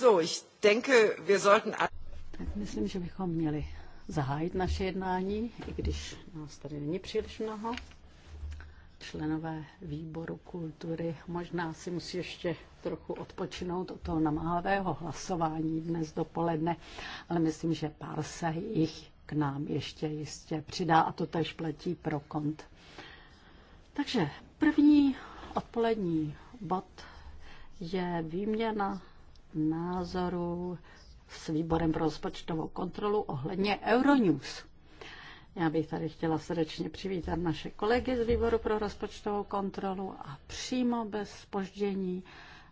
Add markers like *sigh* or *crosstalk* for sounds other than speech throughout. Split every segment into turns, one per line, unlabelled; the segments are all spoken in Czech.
So, ich denke, wir sollten... Tak myslím, že bychom měli zahájit naše jednání, i když nás tady není příliš mnoho. Členové výboru kultury možná si musí ještě trochu odpočinout od toho namáhavého hlasování dnes dopoledne, ale myslím, že pár se jich k nám ještě jistě přidá a to tež platí pro kont. Takže první odpolední bod je výměna názoru s výborem pro rozpočtovou kontrolu ohledně Euronews. Já bych tady chtěla srdečně přivítat naše kolegy z výboru pro rozpočtovou kontrolu a přímo bez spoždění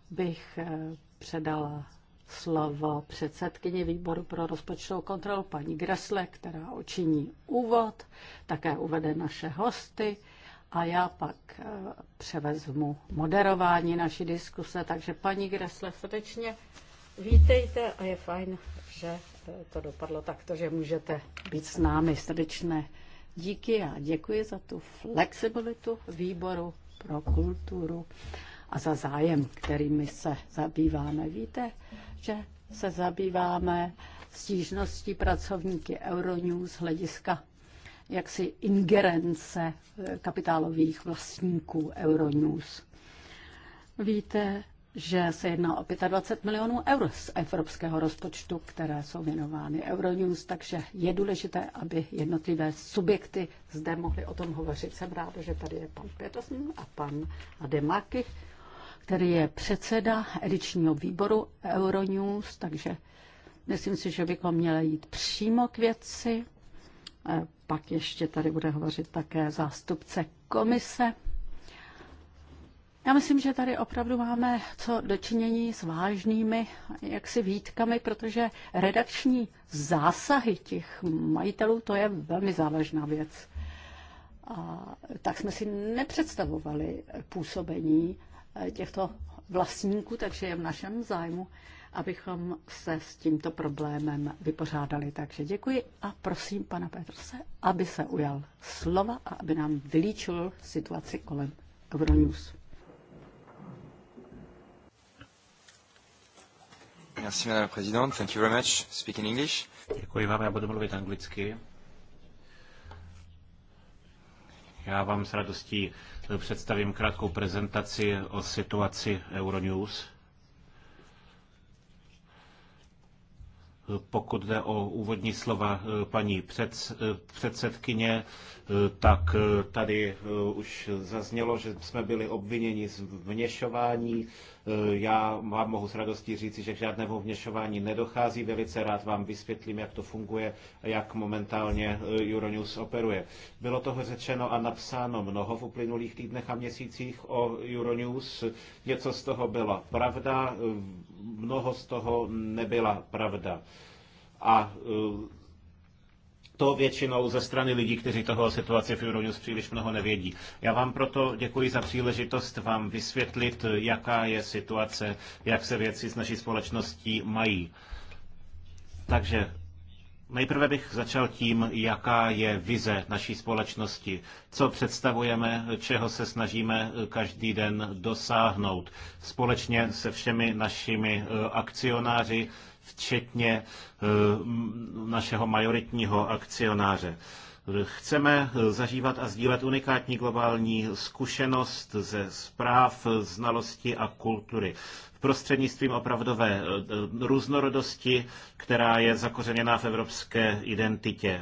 bych eh, předala slovo předsedkyni výboru pro rozpočtovou kontrolu paní Gresle, která učiní úvod, také uvede naše hosty a já pak eh, převezmu moderování naší diskuse. Takže paní Gresle, srdečně vítejte a je fajn, že eh, to dopadlo takto, že můžete být s námi srdečné. Díky a děkuji za tu flexibilitu výboru pro kulturu a za zájem, kterými se zabýváme. Víte, že se zabýváme stížností pracovníky Euronews hlediska jaksi ingerence eh, kapitálových vlastníků Euronews. Víte, že se jedná o 25 milionů eur z evropského rozpočtu, které jsou věnovány Euronews, takže je důležité, aby jednotlivé subjekty zde mohly o tom hovořit. Jsem ráda, že tady je pan Petersen a pan Ademaki, který je předseda edičního výboru Euronews, takže myslím si, že bychom měli jít přímo k věci. Pak ještě tady bude hovořit také zástupce komise. Já myslím, že tady opravdu máme co dočinění s vážnými jaksi výtkami, protože redakční zásahy těch majitelů, to je velmi závažná věc. A tak jsme si nepředstavovali působení eh, těchto vlastníků, takže je v našem zájmu, abychom se s tímto problémem vypořádali. Takže děkuji a prosím pana Petrse, aby se ujal slova a aby nám vylíčil situaci kolem Euronews.
Merci, madame la présidente. Thank you very much. Speak in English. Děkuji vám, já budu mluvit anglicky. Já vám s radostí představím krátkou prezentaci o situaci Euronews. Pokud jde o úvodní slova eh, paní před, eh, předsedkyně, eh, tak tady už zaznělo, že jsme byli obviněni z vněšování Eh, já vám mohu s radostí říci, že k žádnému vněšování nedochází. Velice rád vám vysvětlím, jak to funguje, jak momentálně eh, Euronews operuje. Bylo toho řečeno a napsáno mnoho v uplynulých týdnech a měsících o Euronews. Něco z toho byla pravda, eh, mnoho z toho nebyla pravda. A to většinou ze strany lidí, kteří toho o situaci v Euronews příliš mnoho nevědí. Já vám proto děkuji za příležitost vám vysvětlit, jaká je situace, jak se věci s naší společností mají. Takže Nejprve bych začal tím, jaká je vize naší společnosti, co představujeme, čeho se snažíme každý den dosáhnout. Společně se všemi našimi eh, akcionáři, včetně eh, našeho majoritního akcionáře. Chceme eh, zažívat a sdílet unikátní globální zkušenost ze zpráv, znalosti a kultury prostřednictvím opravdové eh, různorodosti, která je zakořeněná v evropské identitě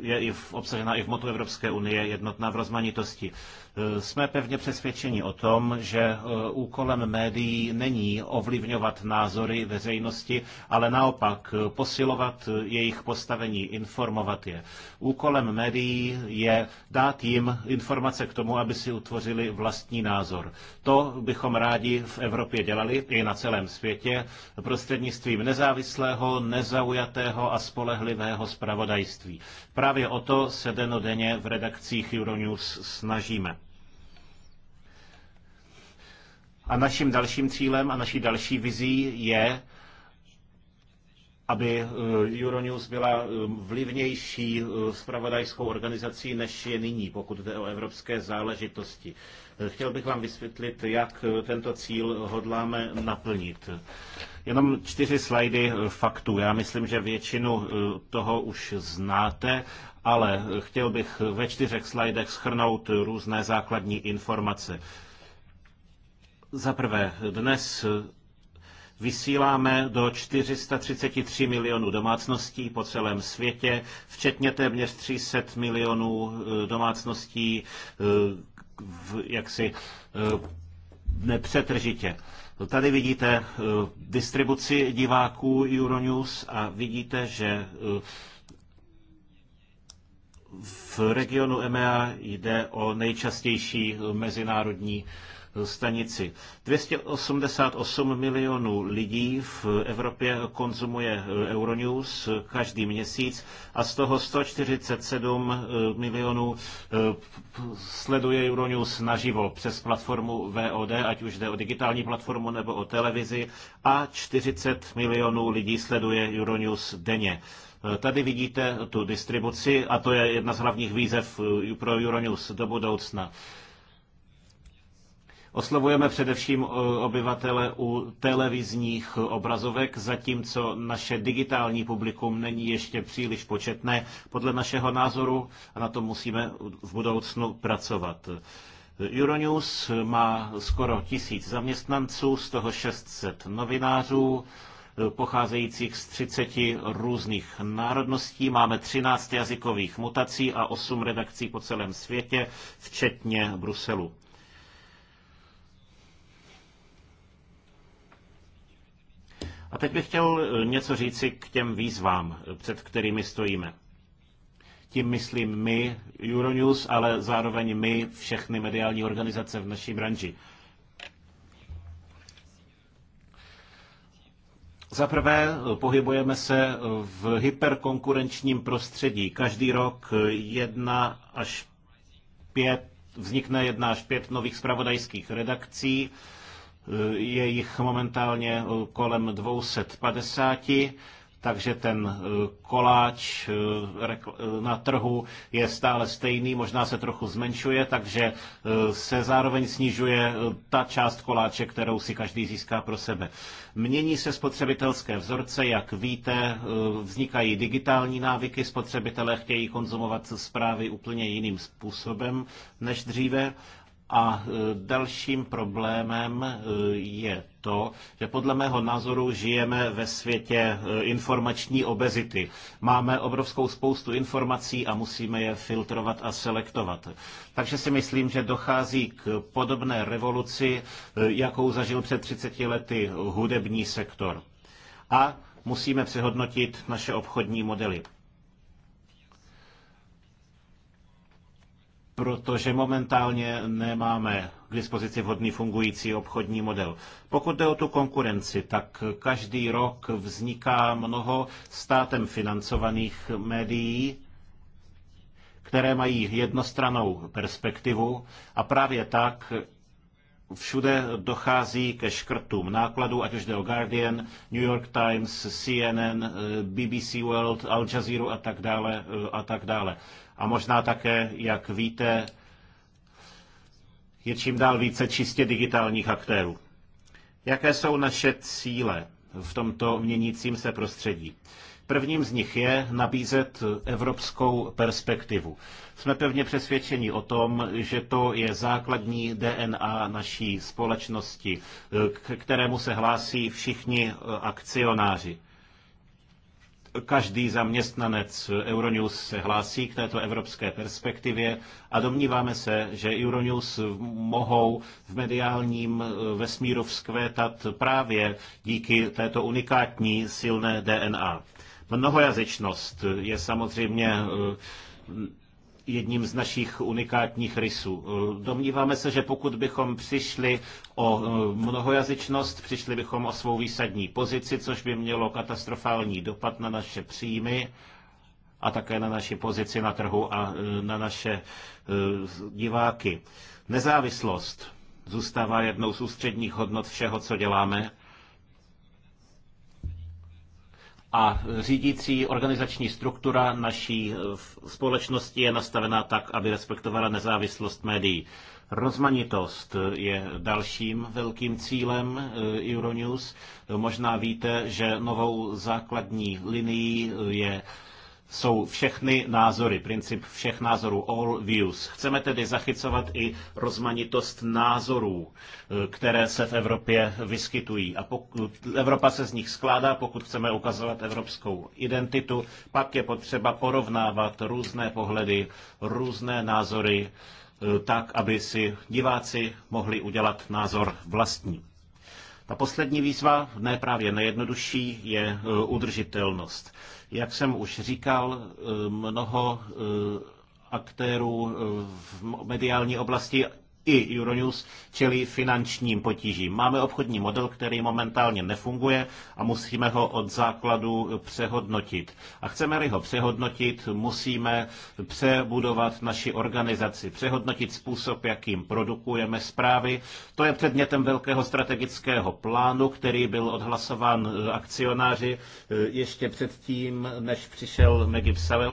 je i v, obsažena i v motu Evropské unie jednotná v rozmanitosti. E, jsme pevně přesvědčeni o tom, že e, úkolem médií není ovlivňovat názory veřejnosti, ale naopak e, posilovat jejich postavení, informovat je. Úkolem médií je dát jim informace k tomu, aby si utvořili vlastní názor. To bychom rádi v Evropě dělali i na celém světě prostřednictvím nezávislého, nezaujatého a spolehlivého spravodajství právě o to se denodenně v redakcích Euronews snažíme. A naším dalším cílem a naší další vizí je, aby eh, Euronews byla eh, vlivnější eh, spravodajskou organizací, než je nyní, pokud jde o evropské záležitosti. Chtěl bych vám vysvětlit, jak tento cíl hodláme naplnit. Jenom čtyři slajdy faktů. Já myslím, že většinu eh, toho už znáte, ale chtěl bych ve čtyřech slajdech schrnout různé základní informace. Za prvé, dnes vysíláme do 433 milionů domácností po celém světě, včetně téměř 300 milionů eh, domácností eh, jaksi eh, nepřetržitě. No, tady vidíte eh, distribuci diváků Euronews a vidíte, že eh, v regionu EMEA jde o nejčastější mezinárodní stanici. 288 milionů lidí v Evropě konzumuje eh, Euronews každý měsíc a z toho 147 eh, milionů eh, sleduje Euronews naživo přes platformu VOD, ať už jde o digitální platformu nebo o televizi a 40 milionů lidí sleduje Euronews denně. Tady vidíte tu distribuci a to je jedna z hlavních výzev pro Euronews do budoucna. Oslovujeme především eh, obyvatele u televizních obrazovek, zatímco naše digitální publikum není ještě příliš početné. Podle našeho názoru a na to musíme v budoucnu pracovat. Euronews má skoro tisíc zaměstnanců, z toho 600 novinářů, eh, pocházejících z 30 různých národností. Máme 13 jazykových mutací a 8 redakcí po celém světě, včetně Bruselu. A teď bych chtěl eh, něco říci k těm výzvám, eh, před kterými stojíme. Tím myslím my, Euronews, ale zároveň my, všechny mediální organizace v naší branži. Za prvé, eh, pohybujeme se v hyperkonkurenčním prostředí. Každý rok jedna až pět, vznikne jedna až pět nových spravodajských redakcí je jich momentálně eh, kolem 250, takže ten eh, koláč eh, na trhu je stále stejný, možná se trochu zmenšuje, takže se zároveň snižuje ta část koláče, kterou si každý získá pro sebe. Mění se spotřebitelské vzorce, jak víte, vznikají digitální návyky, spotřebitelé chtějí konzumovat zprávy úplně jiným způsobem než dříve a e, dalším problémem e, je to, že podle mého názoru žijeme ve světě e, informační obezity. Máme obrovskou spoustu informací a musíme je filtrovat a selektovat. Takže si myslím, že dochází k podobné revoluci, jakou zažil před 30 lety hudební sektor. A musíme přehodnotit naše obchodní modely. protože momentálně nemáme k dispozici vhodný fungující obchodní model. Pokud jde o tu konkurenci, tak každý rok vzniká mnoho státem financovaných médií, které mají jednostranou perspektivu a právě tak všude dochází ke škrtům nákladů, ať už jde o Guardian, New York Times, CNN, BBC World, Al Jazeera a tak dále. A tak dále. A možná také, jak víte, je čím dál více čistě digitálních aktérů. Jaké jsou naše cíle v tomto měnícím se prostředí? Prvním z nich je nabízet evropskou perspektivu. Jsme pevně přesvědčeni o tom, že to je základní DNA naší společnosti, k kterému se hlásí všichni akcionáři. Každý zaměstnanec Euronews se hlásí k této evropské perspektivě a domníváme se, že Euronews mohou v mediálním eh, vesmíru vzkvétat právě díky této unikátní silné DNA. Mnohojazyčnost je samozřejmě eh, jedním z našich unikátních rysů. Eh, domníváme se, že pokud bychom přišli o eh, mnohojazyčnost, přišli bychom o svou výsadní pozici, což by mělo katastrofální dopad na naše příjmy a také na naši pozici na trhu a eh, na naše diváky. Nezávislost zůstává jednou z ústředních hodnot všeho, co děláme a řídící organizační struktura naší eh, společnosti je nastavená tak, aby respektovala nezávislost médií. Rozmanitost eh, je dalším velkým cílem eh, Euronews. Možná víte, že novou základní linií je jsou všechny názory, princip všech názorů, all views. Chceme tedy zachycovat i rozmanitost názorů, eh, které se v Evropě vyskytují. A pokud Evropa se z nich skládá, pokud chceme ukazovat evropskou identitu, pak je potřeba porovnávat různé pohledy, různé názory, eh, tak, aby si diváci mohli udělat názor vlastní. A poslední výzva, ne právě nejjednodušší, je e, udržitelnost. Jak jsem už říkal, e, mnoho e, aktérů v mediální oblasti i Euronews čelí finančním potížím. Máme obchodní model, který momentálně nefunguje a musíme ho od základu přehodnotit. A chceme-li ho přehodnotit, musíme přebudovat naši organizaci, přehodnotit způsob, jakým produkujeme zprávy. To je předmětem velkého strategického plánu, který byl odhlasován akcionáři eh, ještě předtím, než přišel Megib Savel.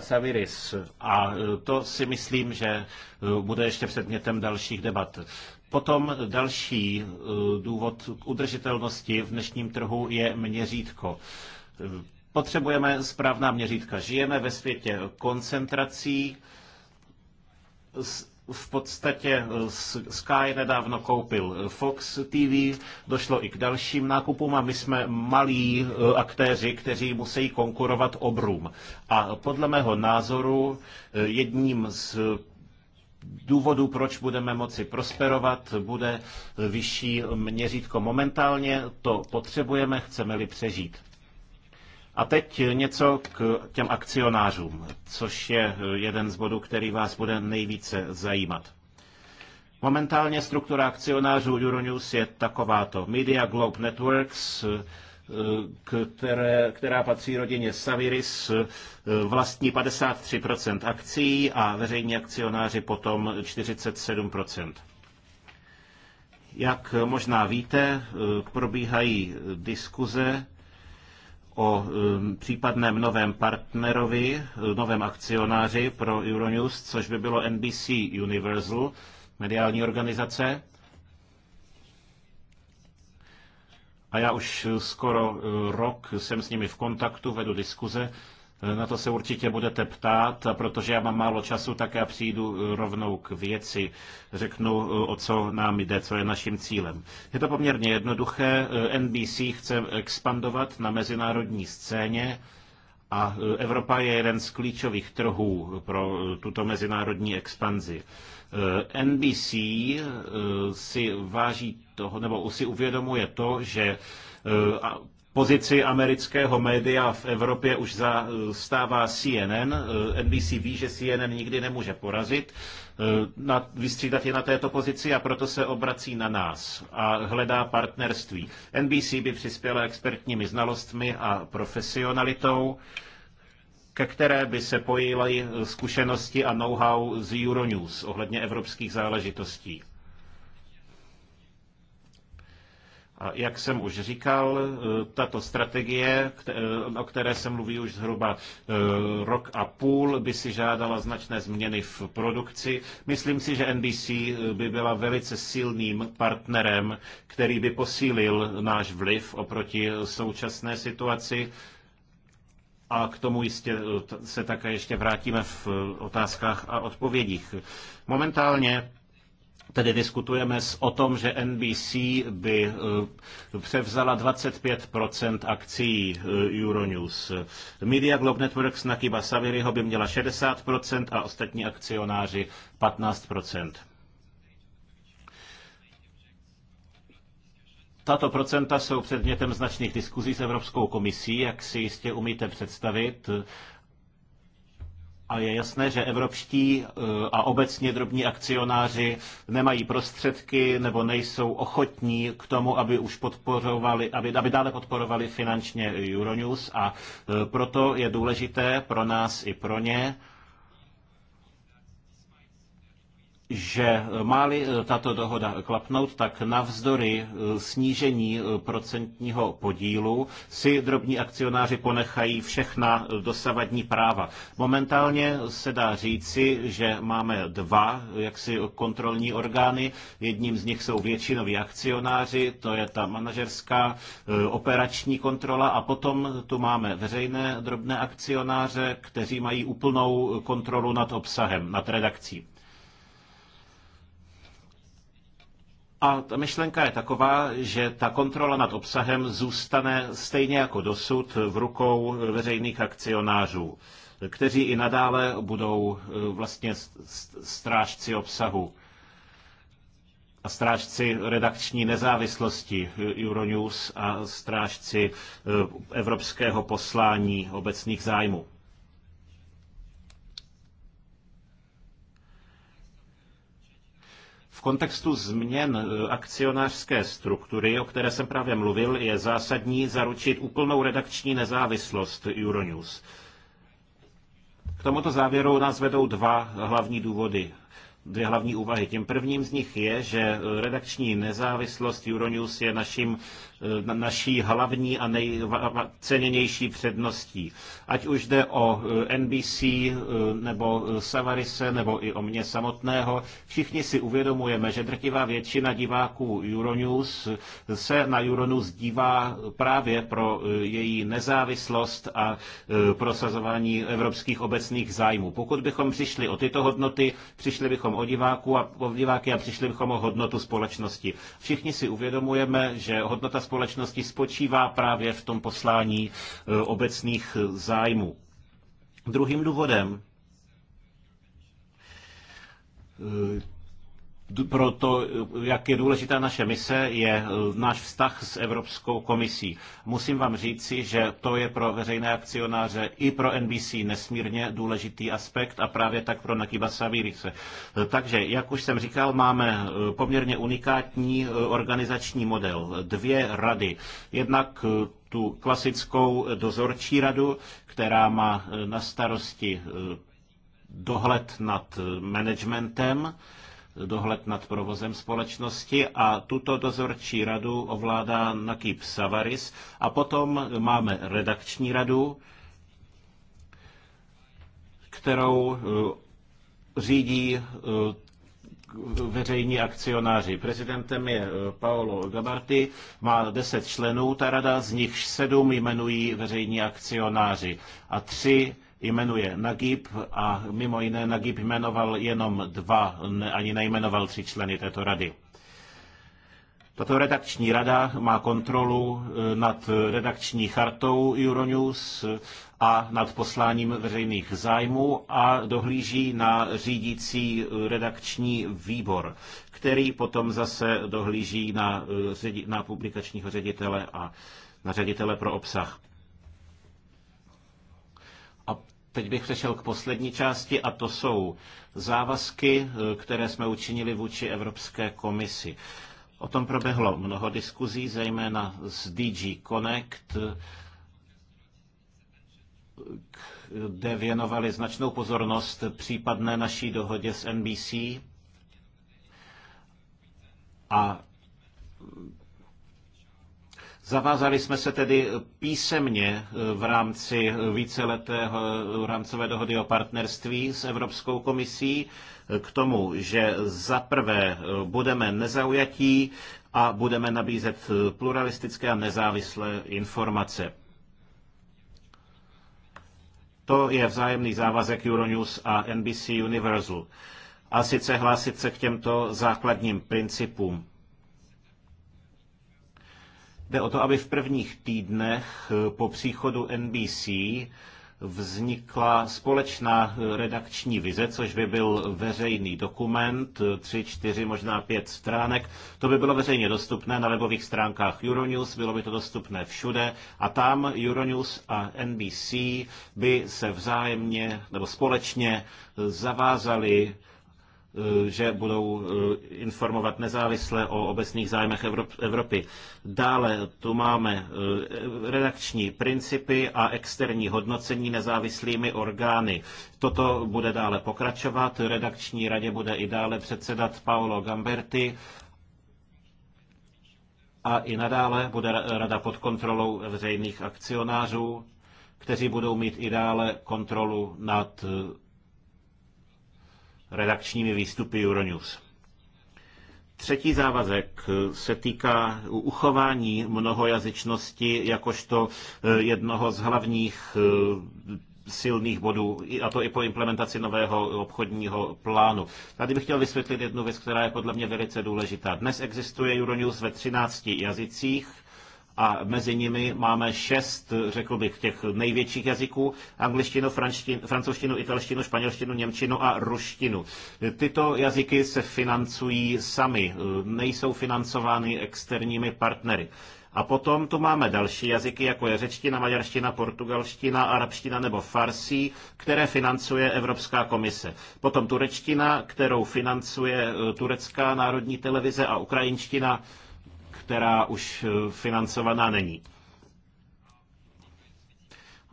Saviris. A e, to si myslím, že e, bude ještě předmětem dalších debat. Potom další e, důvod k udržitelnosti v dnešním trhu je měřítko. Potřebujeme správná měřítka. Žijeme ve světě koncentrací, v podstatě eh, Sky nedávno koupil eh, Fox TV, došlo i k dalším nákupům a my jsme malí eh, aktéři, kteří musí konkurovat obrům. A podle mého názoru jedním z důvodů, proč budeme moci prosperovat, bude vyšší měřítko. Momentálně to potřebujeme, chceme-li přežít. A teď něco k těm akcionářům, což je jeden z bodů, který vás bude nejvíce zajímat. Momentálně struktura akcionářů Euronews je takováto. Media Globe Networks, eh, které, která patří rodině Saviris, eh, vlastní 53% akcí a veřejní akcionáři potom 47%. Jak možná víte, eh, probíhají diskuze o um, případném novém partnerovi, eh, novém akcionáři pro Euronews, což by bylo NBC Universal, mediální organizace. A já už skoro eh, rok jsem s nimi v kontaktu, vedu diskuze na to se určitě budete ptát, protože já mám málo času, tak já přijdu rovnou k věci. Řeknu, o co nám jde, co je naším cílem. Je to poměrně jednoduché. NBC chce expandovat na mezinárodní scéně a Evropa je jeden z klíčových trhů pro tuto mezinárodní expanzi. NBC eh, si váží toho, nebo si uvědomuje to, že eh, pozici amerického média v Evropě už zastává eh, CNN. NBC eh, ví, že CNN nikdy nemůže porazit, eh, na, vystřídat je na této pozici a proto se obrací na nás a hledá partnerství. NBC by přispěla expertními znalostmi a profesionalitou ke které by se pojily zkušenosti a know-how z Euronews ohledně evropských záležitostí. A jak jsem už říkal, eh, tato strategie, eh, o které se mluví už zhruba eh, rok a půl, by si žádala značné změny v produkci. Myslím si, že NBC by byla velice silným partnerem, který by posílil náš vliv oproti současné situaci. A k tomu jistě se také ještě vrátíme v otázkách a odpovědích. Momentálně tedy diskutujeme o tom, že NBC by eh, převzala 25 akcí eh, Euronews. Media Globe Networks na Kiba Saviriho by měla 60 a ostatní akcionáři 15 Tato procenta jsou předmětem značných diskuzí s Evropskou komisí, jak si jistě umíte představit. A je jasné, že evropští eh, a obecně drobní akcionáři nemají prostředky nebo nejsou ochotní k tomu, aby už podporovali, aby, aby dále podporovali finančně Euronews a eh, proto je důležité pro nás i pro ně, že eh, má-li eh, tato dohoda klapnout, tak navzdory eh, snížení procentního podílu si drobní akcionáři ponechají všechna dosavadní práva. Momentálně se dá říci, že máme dva jaksi kontrolní orgány. Jedním z nich jsou většinoví akcionáři, to je ta manažerská operační kontrola a potom tu máme veřejné drobné akcionáře, kteří mají úplnou kontrolu nad obsahem, nad redakcí. A ta myšlenka je taková, že ta kontrola nad obsahem zůstane stejně jako dosud v rukou veřejných akcionářů, kteří i nadále budou e, vlastně strážci obsahu a strážci redakční nezávislosti e, Euronews a strážci e, evropského poslání obecných zájmů. V kontextu změn e, akcionářské struktury, o které jsem právě mluvil, je zásadní zaručit úplnou redakční nezávislost Euronews. K tomuto závěru nás vedou dva hlavní důvody dvě hlavní úvahy. Tím prvním z nich je, že redakční nezávislost Euronews je naším naší hlavní a nejceněnější předností. Ať už jde o eh, NBC eh, nebo eh, Savarise nebo i o mě samotného, všichni si uvědomujeme, že drtivá většina diváků Euronews se na Euronews dívá právě pro její nezávislost a prosazování evropských obecných zájmů. Pokud bychom přišli o tyto hodnoty, přišli bychom o diváku a o diváky a přišli bychom o hodnotu společnosti. Všichni si uvědomujeme, že hodnota společnosti spočívá právě v tom poslání e, obecných e, zájmů. Druhým důvodem e, pro to, jak je důležitá naše mise, je e, náš vztah s Evropskou komisí. Musím vám říci, že to je pro veřejné akcionáře i pro NBC nesmírně důležitý aspekt a právě tak pro Nakiba Savirice. E, takže, jak už jsem říkal, máme e, poměrně unikátní organizační model. Dvě rady. Jednak tu klasickou dozorčí radu, která má na starosti dohled nad managementem, dohled nad provozem společnosti a tuto dozorčí radu ovládá Nakib Savaris a potom máme redakční radu, kterou eh, řídí eh, veřejní akcionáři. Prezidentem je eh, Paolo Gabarty, má deset členů, ta rada z nich sedm jmenují veřejní akcionáři a tři jmenuje Nagib a mimo jiné Nagib jmenoval jenom dva, ani nejmenoval tři členy této rady. Tato redakční rada má kontrolu e, nad redakční chartou Euronews a nad posláním veřejných zájmů a dohlíží na řídící redakční výbor, který potom zase dohlíží na, e, na publikačního ředitele a na ředitele pro obsah. Teď bych přešel k poslední části a to jsou závazky, eh, které jsme učinili vůči Evropské komisi. O tom proběhlo mnoho diskuzí, zejména z DG Connect, kde věnovali značnou pozornost případné naší dohodě s NBC. A Zavázali jsme se tedy písemně eh, v rámci eh, víceletého eh, rámcové dohody o partnerství s Evropskou komisí k tomu, že za prvé budeme nezaujatí a budeme nabízet pluralistické a nezávislé informace. To je vzájemný závazek Euronews a NBC Universal. A sice hlásit se k těmto základním principům. Jde o to, aby v prvních týdnech eh, po příchodu NBC vznikla společná eh, redakční vize, což by byl veřejný dokument, eh, tři, čtyři, možná pět stránek. To by bylo veřejně dostupné na webových stránkách Euronews, bylo by to dostupné všude a tam Euronews a NBC by se vzájemně nebo společně zavázali Eh, že budou eh, informovat nezávisle o obecných zájmech Evropy. Dále tu máme eh, redakční principy a externí hodnocení nezávislými orgány. Toto bude dále pokračovat. Redakční radě bude i dále předsedat Paolo Gamberti a i nadále bude rada pod kontrolou veřejných akcionářů, kteří budou mít i dále kontrolu nad redakčními výstupy Euronews. Třetí závazek se týká uchování mnohojazyčnosti jakožto eh, jednoho z hlavních eh, silných bodů, a to i po implementaci nového obchodního plánu. Tady bych chtěl vysvětlit jednu věc, která je podle mě velice důležitá. Dnes existuje Euronews ve 13 jazycích, a mezi nimi máme šest, řekl bych, těch největších jazyků, angličtinu, francouzštinu, italštinu, španělštinu, němčinu a ruštinu. Tyto jazyky se financují sami, nejsou financovány externími partnery. A potom tu máme další jazyky, jako je řečtina, maďarština, portugalština, arabština nebo farsí, které financuje Evropská komise. Potom turečtina, kterou financuje eh, Turecká národní televize a ukrajinština, která už eh, financovaná není.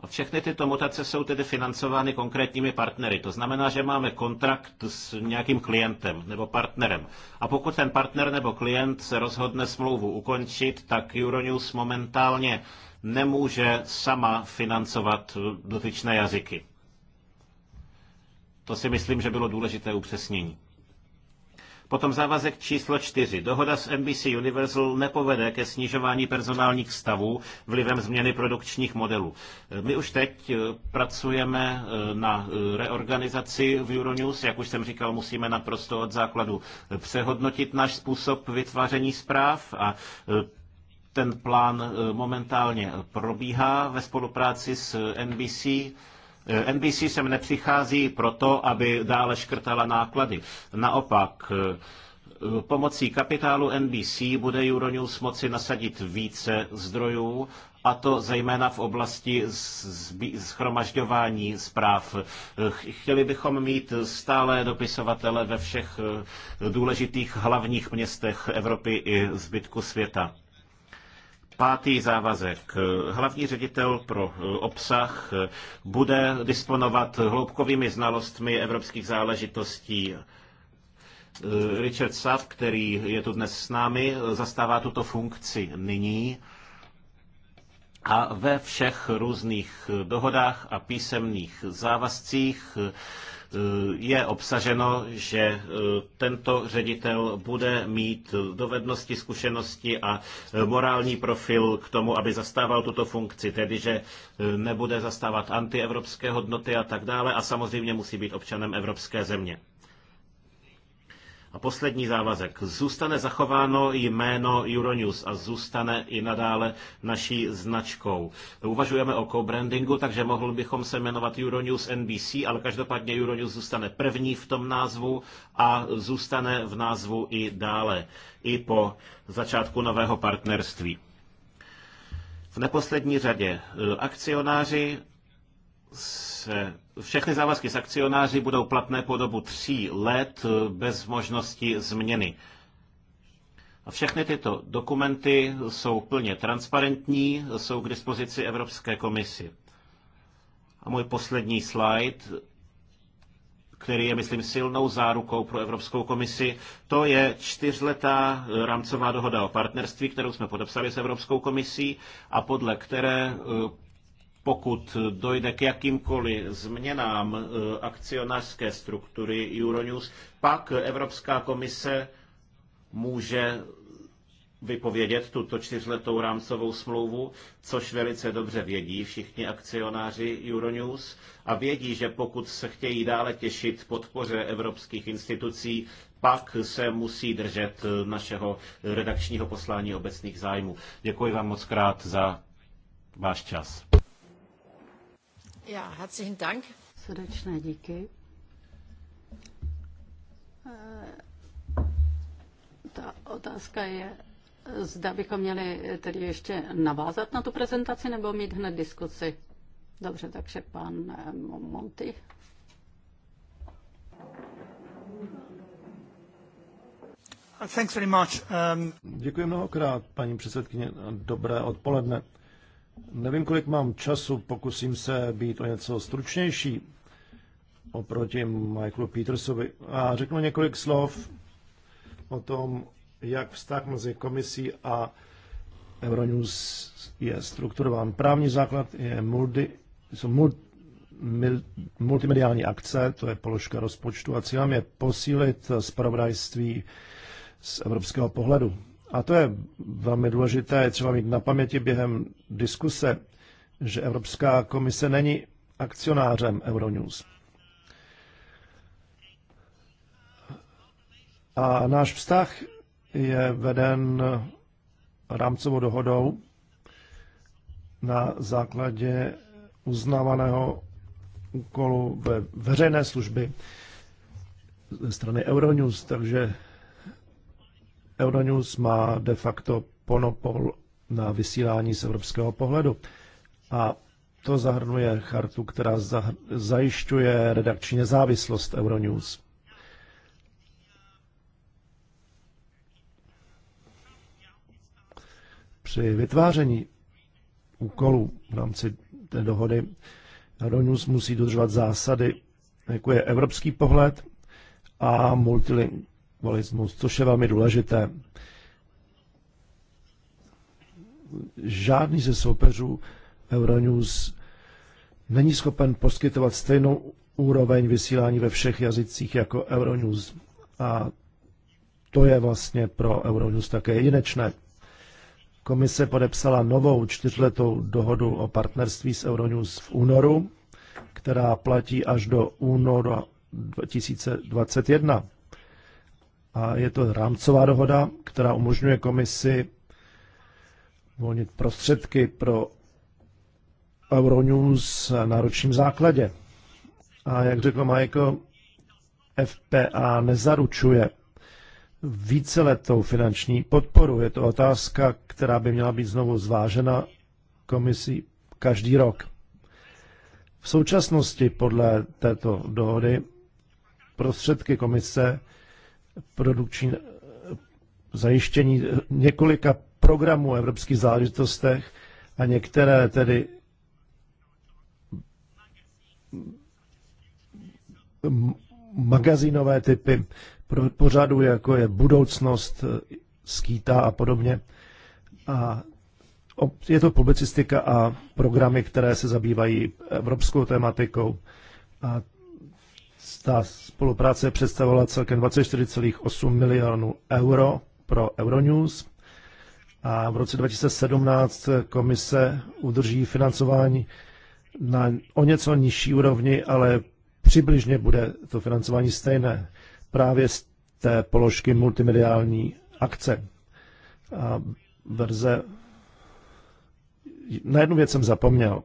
A všechny tyto mutace jsou tedy financovány konkrétními partnery. To znamená, že máme kontrakt s nějakým klientem nebo partnerem. A pokud ten partner nebo klient se rozhodne smlouvu ukončit, tak Euronews momentálně nemůže sama financovat eh, dotyčné jazyky. To si myslím, že bylo důležité upřesnění. Potom závazek číslo čtyři. Dohoda s NBC Universal nepovede ke snižování personálních stavů vlivem změny produkčních modelů. My už teď eh, pracujeme eh, na eh, reorganizaci v Euronews. Jak už jsem říkal, musíme naprosto od základu přehodnotit náš způsob vytváření zpráv a ten plán momentálně probíhá ve spolupráci s NBC Eh, NBC sem nepřichází proto, aby dále škrtala náklady. Naopak, eh, pomocí kapitálu NBC bude Euronews moci nasadit více zdrojů, a to zejména v oblasti schromažďování zpráv. Eh, chtěli bychom mít stále dopisovatele ve všech důležitých hlavních městech Evropy i zbytku světa. Pátý závazek. Hlavní ředitel pro e, obsah e, bude disponovat hloubkovými znalostmi evropských záležitostí. E, Richard Sav, který je tu dnes s námi, zastává tuto funkci nyní a ve všech různých dohodách a písemných závazcích Eh, je obsaženo, že eh, tento ředitel bude mít dovednosti, zkušenosti a eh, morální profil k tomu, aby zastával tuto funkci, tedy že nebude zastávat antievropské hodnoty a tak dále a samozřejmě musí být občanem evropské země. A poslední závazek. Zůstane zachováno jméno Euronews a zůstane i nadále naší značkou. Uvažujeme o co-brandingu, takže mohl bychom se jmenovat Euronews NBC, ale každopádně Euronews zůstane první v tom názvu a zůstane v názvu i dále, i po začátku nového partnerství. V neposlední řadě eh, akcionáři se všechny závazky s akcionáři budou platné po dobu tří let eh, bez možnosti změny. A všechny tyto dokumenty jsou plně transparentní, jsou k dispozici Evropské komisi. A můj poslední slide, který je, myslím, silnou zárukou pro Evropskou komisi, to je čtyřletá eh, rámcová dohoda o partnerství, kterou jsme podepsali s Evropskou komisí a podle které eh, pokud dojde k jakýmkoliv změnám eh, akcionářské struktury Euronews, pak Evropská komise může vypovědět tuto čtyřletou rámcovou smlouvu, což velice dobře vědí všichni akcionáři Euronews a vědí, že pokud se chtějí dále těšit podpoře evropských institucí, pak se musí držet eh, našeho redakčního poslání obecných zájmů. Děkuji vám moc krát za váš čas.
Ja, herzlichen Dank. Srdečné díky. Eh, ta otázka je, zda bychom měli tedy ještě navázat na tu prezentaci nebo mít hned diskusi. Dobře, takže pan eh, Monty.
Thanks very much. Um, Děkuji mnohokrát, paní předsedkyně. Dobré odpoledne. Nevím, kolik mám času, pokusím se být o něco stručnější oproti Michaelu Petersovi a řeknu několik slov o tom, jak vztah mezi komisí a Euronews je strukturován. Právní základ je multi, jsou multi, multimediální akce, to je položka rozpočtu a cílem je posílit spravodajství z evropského pohledu. A to je velmi důležité, je třeba mít na paměti během diskuse, že Evropská komise není akcionářem Euronews. A náš vztah je veden rámcovou dohodou na základě uznávaného úkolu ve veřejné služby ze strany Euronews, takže Euronews má de facto monopol na vysílání z evropského pohledu. A to zahrnuje chartu, která zajišťuje redakční nezávislost Euronews. Při vytváření úkolů v rámci té dohody Euronews musí dodržovat zásady, jako je evropský pohled a multilingualismus pluralismus, což je velmi důležité. Žádný ze soupeřů Euronews není schopen poskytovat stejnou úroveň vysílání ve všech jazycích jako Euronews. A to je vlastně pro Euronews také jedinečné. Komise podepsala novou čtyřletou dohodu o partnerství s Euronews v únoru, která platí až do února 2021 a je to rámcová dohoda, která umožňuje komisi volnit prostředky pro Euronews na ročním základě. A jak řekl Majko, FPA nezaručuje víceletou finanční podporu. Je to otázka, která by měla být znovu zvážena komisí každý rok. V současnosti podle této dohody prostředky komise produkční eh, zajištění několika programů o evropských záležitostech a některé tedy magazínové typy pořadu, jako je budoucnost, eh, skýtá a podobně. A je to publicistika a programy, které se zabývají evropskou tematikou. A ta spolupráce představovala celkem 24,8 milionů euro pro Euronews a v roce 2017 komise udrží financování na o něco nižší úrovni, ale přibližně bude to financování stejné právě z té položky multimediální akce. A verze... Na jednu věc jsem zapomněl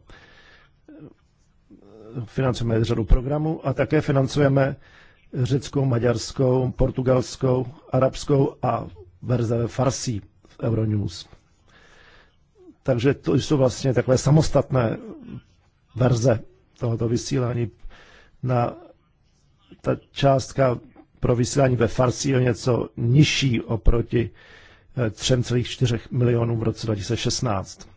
financujeme řadu programů a také financujeme řeckou, maďarskou, portugalskou, arabskou a verze farsí v Euronews. Takže to jsou vlastně takové samostatné verze tohoto vysílání. Na ta částka pro vysílání ve farsí je něco nižší oproti 3,4 eh, milionů v roce 2016.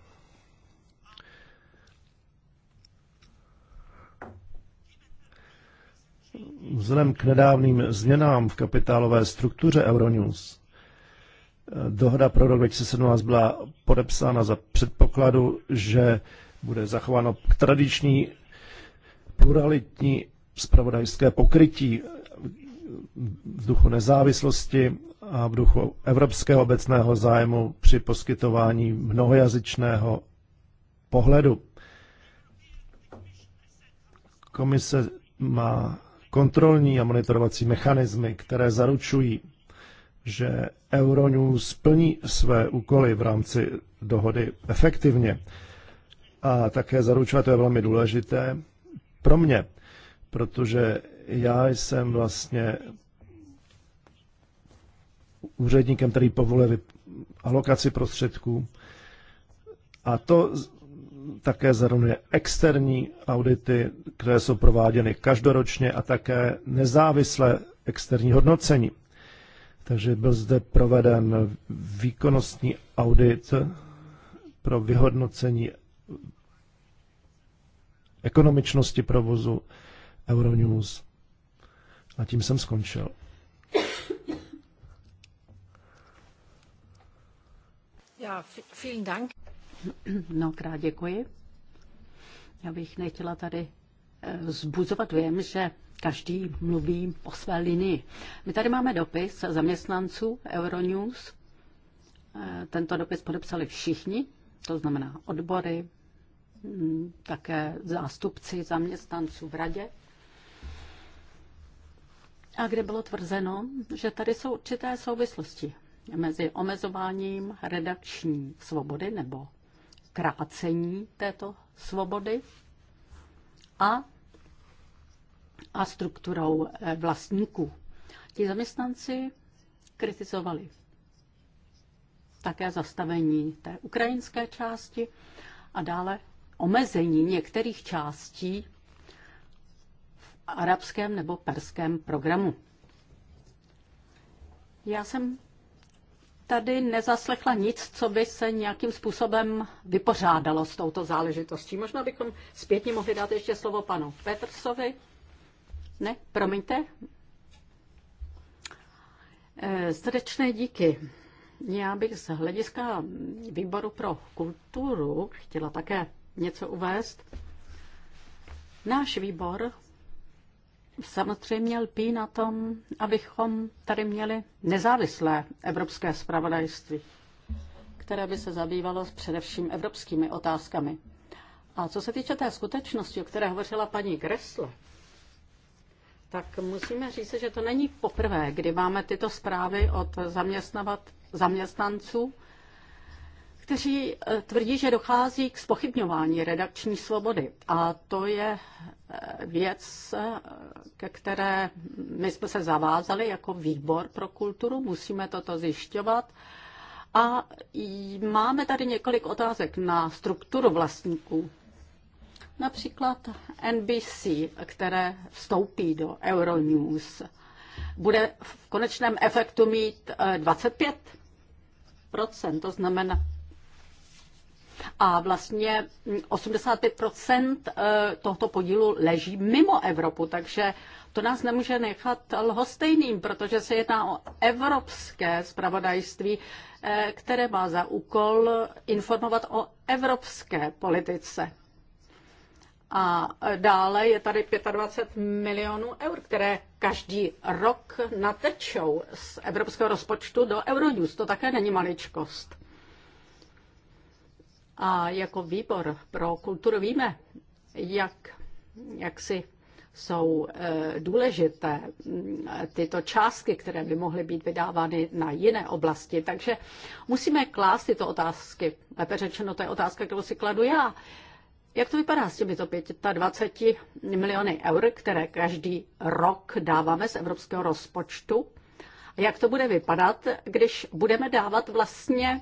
Vzhledem k nedávným změnám v kapitálové struktuře Euronews, dohoda pro rok 2017 byla podepsána za předpokladu, že bude zachováno tradiční pluralitní spravodajské pokrytí v duchu nezávislosti a v duchu evropského obecného zájmu při poskytování mnohojazyčného pohledu. Komise má kontrolní a monitorovací mechanismy, které zaručují, že Euronews splní své úkoly v rámci dohody efektivně. A také zaručovat, to je velmi důležité pro mě, protože já jsem vlastně úředníkem, který povoluje alokaci prostředků. A to také zahrnuje externí audity, které jsou prováděny každoročně a také nezávislé externí hodnocení. Takže byl zde proveden výkonnostní audit pro vyhodnocení ekonomičnosti provozu Euronews. A tím jsem
skončil. Ja, vielen Dank. *clears throat* Mnohokrát děkuji. Já bych nechtěla tady eh, zbuzovat věm, že každý mluví o své linii. My tady máme dopis zaměstnanců Euronews. Eh, tento dopis podepsali všichni, to znamená odbory, mm, také zástupci zaměstnanců v radě. A kde bylo tvrzeno, že tady jsou určité souvislosti mezi omezováním redakční svobody nebo krácení této svobody a, a strukturou eh, vlastníků. Ti zaměstnanci kritizovali také zastavení té ukrajinské části a dále omezení některých částí v arabském nebo perském programu. Já jsem tady nezaslechla nic, co by se nějakým způsobem vypořádalo s touto záležitostí. Možná bychom zpětně mohli dát ještě slovo panu Petrsovi. Ne, promiňte. Eh, srdečné díky. Já bych z hlediska výboru pro kulturu chtěla také něco uvést. Náš výbor Samozřejmě lpí na tom, abychom tady měli nezávislé evropské spravodajství, které by se zabývalo především evropskými otázkami. A co se týče té skutečnosti, o které hovořila paní Gressle, tak musíme říct, že to není poprvé, kdy máme tyto zprávy od zaměstnavat, zaměstnanců, kteří eh, tvrdí, že dochází k spochybňování redakční svobody. A to je eh, věc, eh, ke které my jsme se zavázali jako výbor pro kulturu, musíme toto zjišťovat. A máme tady několik otázek na strukturu vlastníků. Například NBC, které vstoupí do Euronews, bude v konečném efektu mít 25 to znamená a vlastně 85 eh, tohoto podílu leží mimo Evropu, takže to nás nemůže nechat lhostejným, protože se jedná o evropské zpravodajství, eh, které má za úkol informovat o evropské politice. A dále je tady 25 milionů eur, které každý rok natečou z evropského rozpočtu do Eurojust. To také není maličkost. A jako výbor pro kulturu víme, jak, jak si jsou e, důležité mm, tyto částky, které by mohly být vydávány na jiné oblasti. Takže musíme klást tyto otázky. Lépe řečeno, to je otázka, kterou si kladu já. Jak to vypadá s těmito 25 miliony eur, které každý rok dáváme z evropského rozpočtu? jak to bude vypadat, když budeme dávat vlastně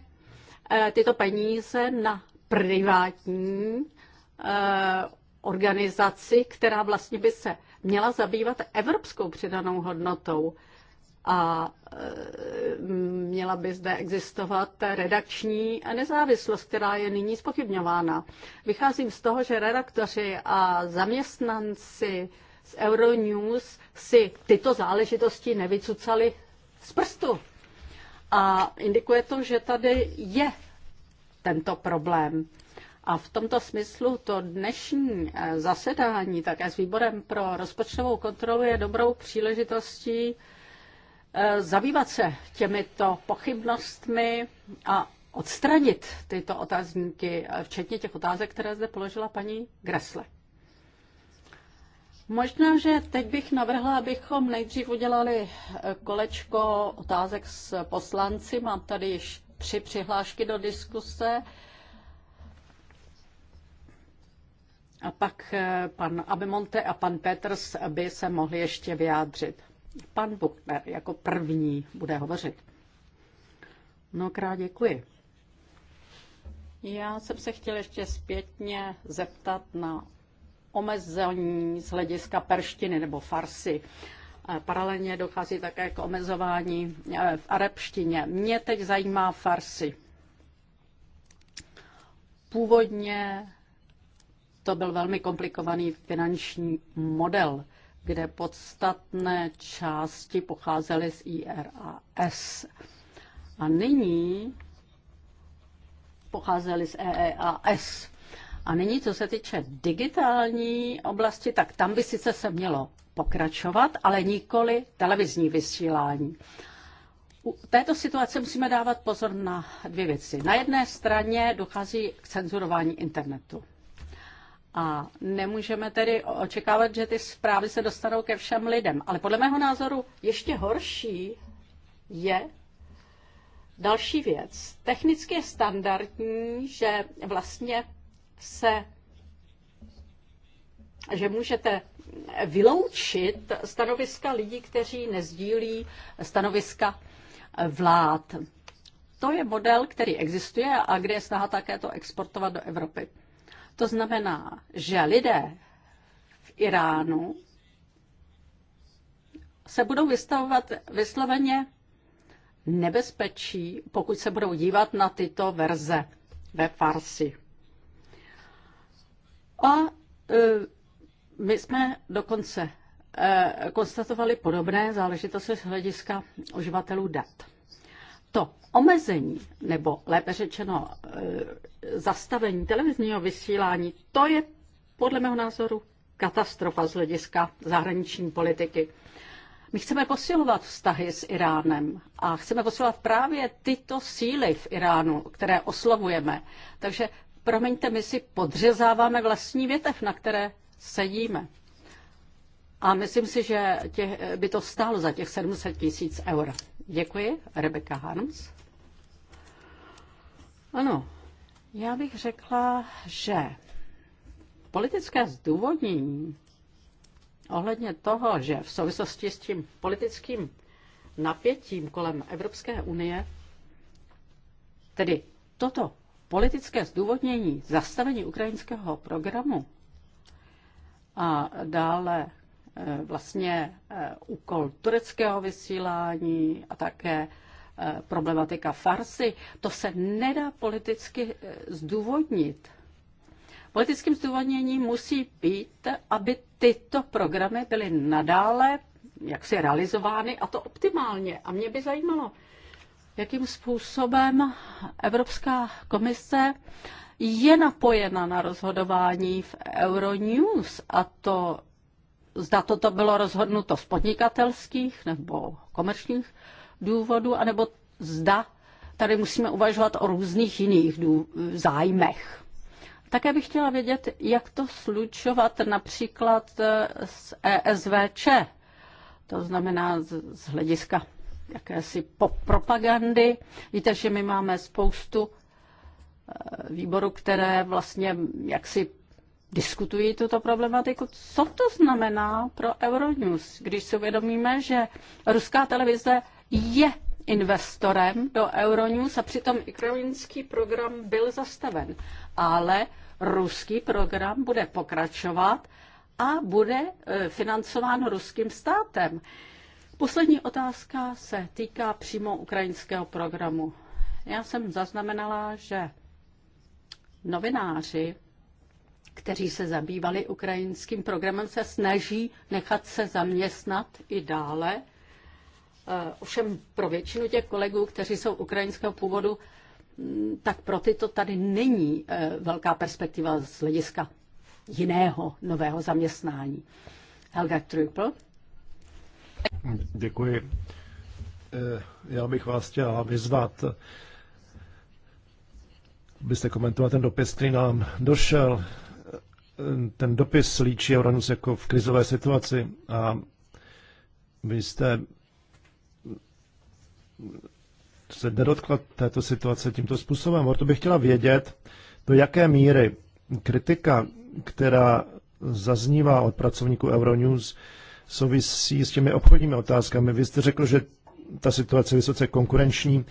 e, tyto peníze na privátní eh, organizaci, která vlastně by se měla zabývat evropskou přidanou hodnotou a eh, měla by zde existovat redakční nezávislost, která je nyní spochybňována. Vycházím z toho, že redaktoři a zaměstnanci z Euronews si tyto záležitosti nevycucali z prstu. A indikuje to, že tady je tento problém. A v tomto smyslu to dnešní eh, zasedání také s výborem pro rozpočtovou kontrolu je dobrou příležitostí eh, zabývat se těmito pochybnostmi a odstranit tyto otázníky, včetně těch otázek, které zde položila paní Gresle. Možná, že teď bych navrhla, abychom nejdřív udělali kolečko otázek s poslanci. Mám tady již tři přihlášky do diskuse. A pak eh, pan Abemonte a pan Peters by se mohli ještě vyjádřit. Pan Buchner jako první bude hovořit. Mnohokrát děkuji. Já jsem se chtěl ještě zpětně zeptat na omezení z hlediska perštiny nebo farsy. Eh, paralelně dochází také k omezování eh, v arabštině. Mě teď zajímá farsi. Původně to byl velmi komplikovaný finanční model, kde podstatné části pocházely z IRAS. A nyní pocházely z EEAS. A nyní, co se týče digitální oblasti, tak tam by sice se mělo pokračovat, ale nikoli televizní vysílání. U této situace musíme dávat pozor na dvě věci. Na jedné straně dochází k cenzurování internetu. A nemůžeme tedy očekávat, že ty zprávy se dostanou ke všem lidem. Ale podle mého názoru ještě horší je další věc. Technicky je standardní, že vlastně se že můžete vyloučit stanoviska lidí, kteří nezdílí stanoviska vlád. To je model, který existuje a kde je snaha také to exportovat do Evropy. To znamená, že lidé v Iránu se budou vystavovat vysloveně nebezpečí, pokud se budou dívat na tyto verze ve farsi. A e, my jsme dokonce eh, konstatovali podobné záležitosti z hlediska uživatelů dat. To omezení, nebo lépe řečeno eh, zastavení televizního vysílání, to je podle mého názoru katastrofa z hlediska zahraniční politiky. My chceme posilovat vztahy s Iránem a chceme posilovat právě tyto síly v Iránu, které oslovujeme. Takže promiňte, my si podřezáváme vlastní větev, na které sedíme. A myslím si, že tě, by to stálo za těch 700 tisíc eur. Děkuji, Rebecca Harms. Ano, já bych řekla, že politické zdůvodnění ohledně toho, že v souvislosti s tím politickým napětím kolem Evropské unie, tedy toto politické zdůvodnění zastavení ukrajinského programu a dále eh, vlastně eh, úkol tureckého vysílání a také eh, problematika Farsy, to se nedá politicky zdůvodnit. Politickým zdůvodněním musí být, aby tyto programy byly nadále jaksi realizovány a to optimálně. A mě by zajímalo, jakým způsobem Evropská komise je napojena na rozhodování v Euronews a to zda toto bylo rozhodnuto z podnikatelských nebo komerčních důvodů, anebo zda tady musíme uvažovat o různých jiných zájmech. Také bych chtěla vědět, jak to slučovat například eh, s ESVČ, to znamená z hlediska jakési propagandy. Víte, že my máme spoustu výboru, které vlastně jaksi diskutují tuto problematiku. Co to znamená pro Euronews, když si uvědomíme, že ruská televize je investorem do Euronews a přitom ukrajinský program byl zastaven. Ale ruský program bude pokračovat a bude e, financován ruským státem. Poslední otázka se týká přímo ukrajinského programu. Já jsem zaznamenala, že novináři, kteří se zabývali ukrajinským programem, se snaží nechat se zaměstnat i dále. Eh, ovšem pro většinu těch kolegů, kteří jsou ukrajinského původu, mm, tak pro ty to tady není eh, velká perspektiva z hlediska jiného nového zaměstnání. Helga Trupl.
Děkuji. Eh, já bych vás chtěla vyzvat, byste komentoval ten dopis, který nám došel. Ten dopis líčí Uranus jako v krizové situaci a vy jste se nedotkla této situace tímto způsobem. Proto bych chtěla vědět, do jaké míry kritika, která zaznívá od pracovníků Euronews, souvisí s těmi obchodními otázkami. Vy jste řekl, že ta situace je vysoce konkurenční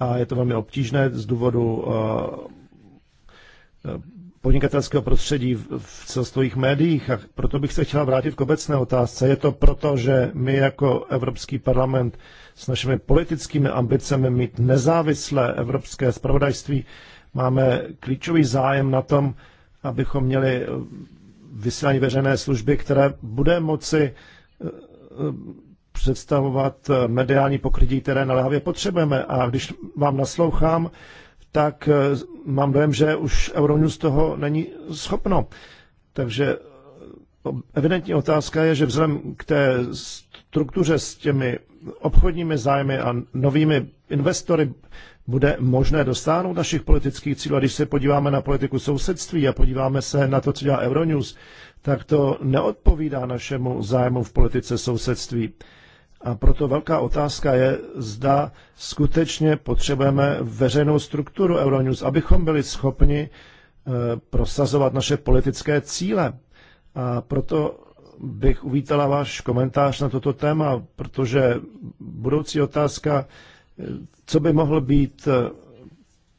a je to velmi obtížné z důvodu uh, uh, podnikatelského prostředí v celostových médiích a proto bych se chtěla vrátit k obecné otázce. Je to proto, že my jako Evropský parlament s našimi politickými ambicemi mít nezávislé evropské spravodajství máme klíčový zájem na tom, abychom měli uh, vysílání veřejné služby, které bude moci představovat eh, mediální pokrytí, které naléhavě potřebujeme. A když vám naslouchám, tak eh, mám dojem, že už Euronews toho není schopno. Takže eh, evidentní otázka je, že vzhledem k té struktuře s těmi obchodními zájmy a novými investory bude možné dosáhnout našich politických cílů. A když se podíváme na politiku sousedství a podíváme se na to, co dělá Euronews, tak to neodpovídá našemu zájmu v politice sousedství. A proto velká otázka je, zda skutečně potřebujeme veřejnou strukturu Euronews, abychom byli schopni eh, prosazovat naše politické cíle. A proto bych uvítala váš komentář na toto téma, protože budoucí otázka, eh, co by mohl být eh,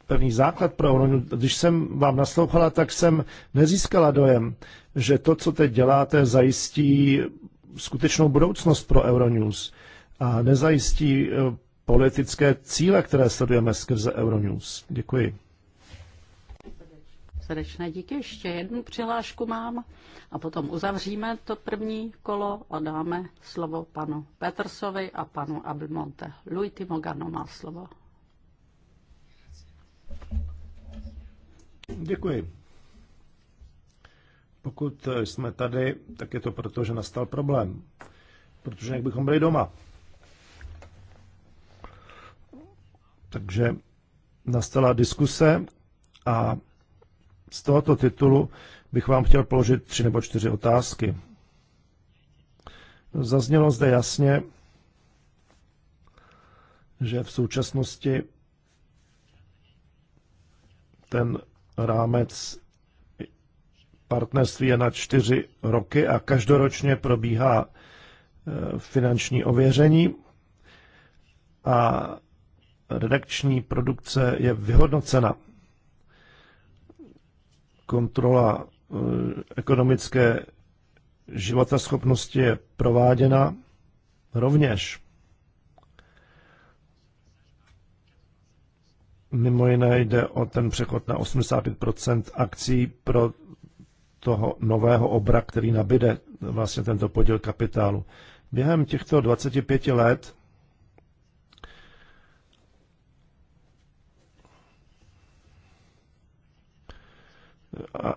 pevný základ pro Euronews. Když jsem vám naslouchala, tak jsem nezískala dojem, že to, co teď děláte, zajistí skutečnou budoucnost pro Euronews a nezajistí eh, politické cíle, které sledujeme skrze Euronews. Děkuji.
Srdečné díky. Ještě jednu přihlášku mám a potom uzavříme to první kolo a dáme slovo panu Petersovi a panu Abelmonte. Luiti Mogano má slovo.
Děkuji. Pokud jsme tady, tak je to proto, že nastal problém. Protože jak bychom byli doma. Takže nastala diskuse a z tohoto titulu bych vám chtěl položit tři nebo čtyři otázky. Zaznělo zde jasně, že v současnosti ten rámec partnerství je na čtyři roky a každoročně probíhá e, finanční ověření a redakční produkce je vyhodnocena. Kontrola e, ekonomické životaschopnosti je prováděna rovněž. Mimo jiné jde o ten přechod na 85 akcí pro toho nového obra, který nabide vlastně tento podíl kapitálu. Během těchto 25 let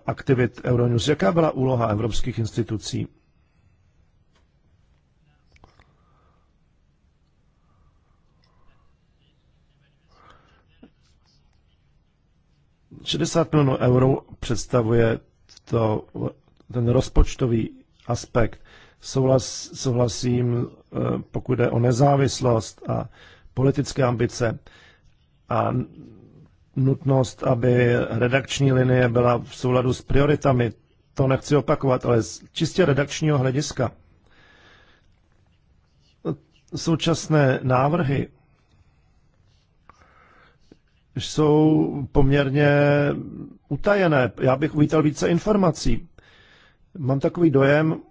aktivit Euronews. Jaká byla úloha evropských institucí? Šedesát milionů euro představuje to, ten rozpočtový aspekt. Souhlas, souhlasím, eh, pokud jde o nezávislost a politické ambice a nutnost, aby redakční linie byla v souladu s prioritami. To nechci opakovat, ale z čistě redakčního hlediska. Současné návrhy jsou poměrně utajené. Já bych uvítal více informací. Mám takový dojem,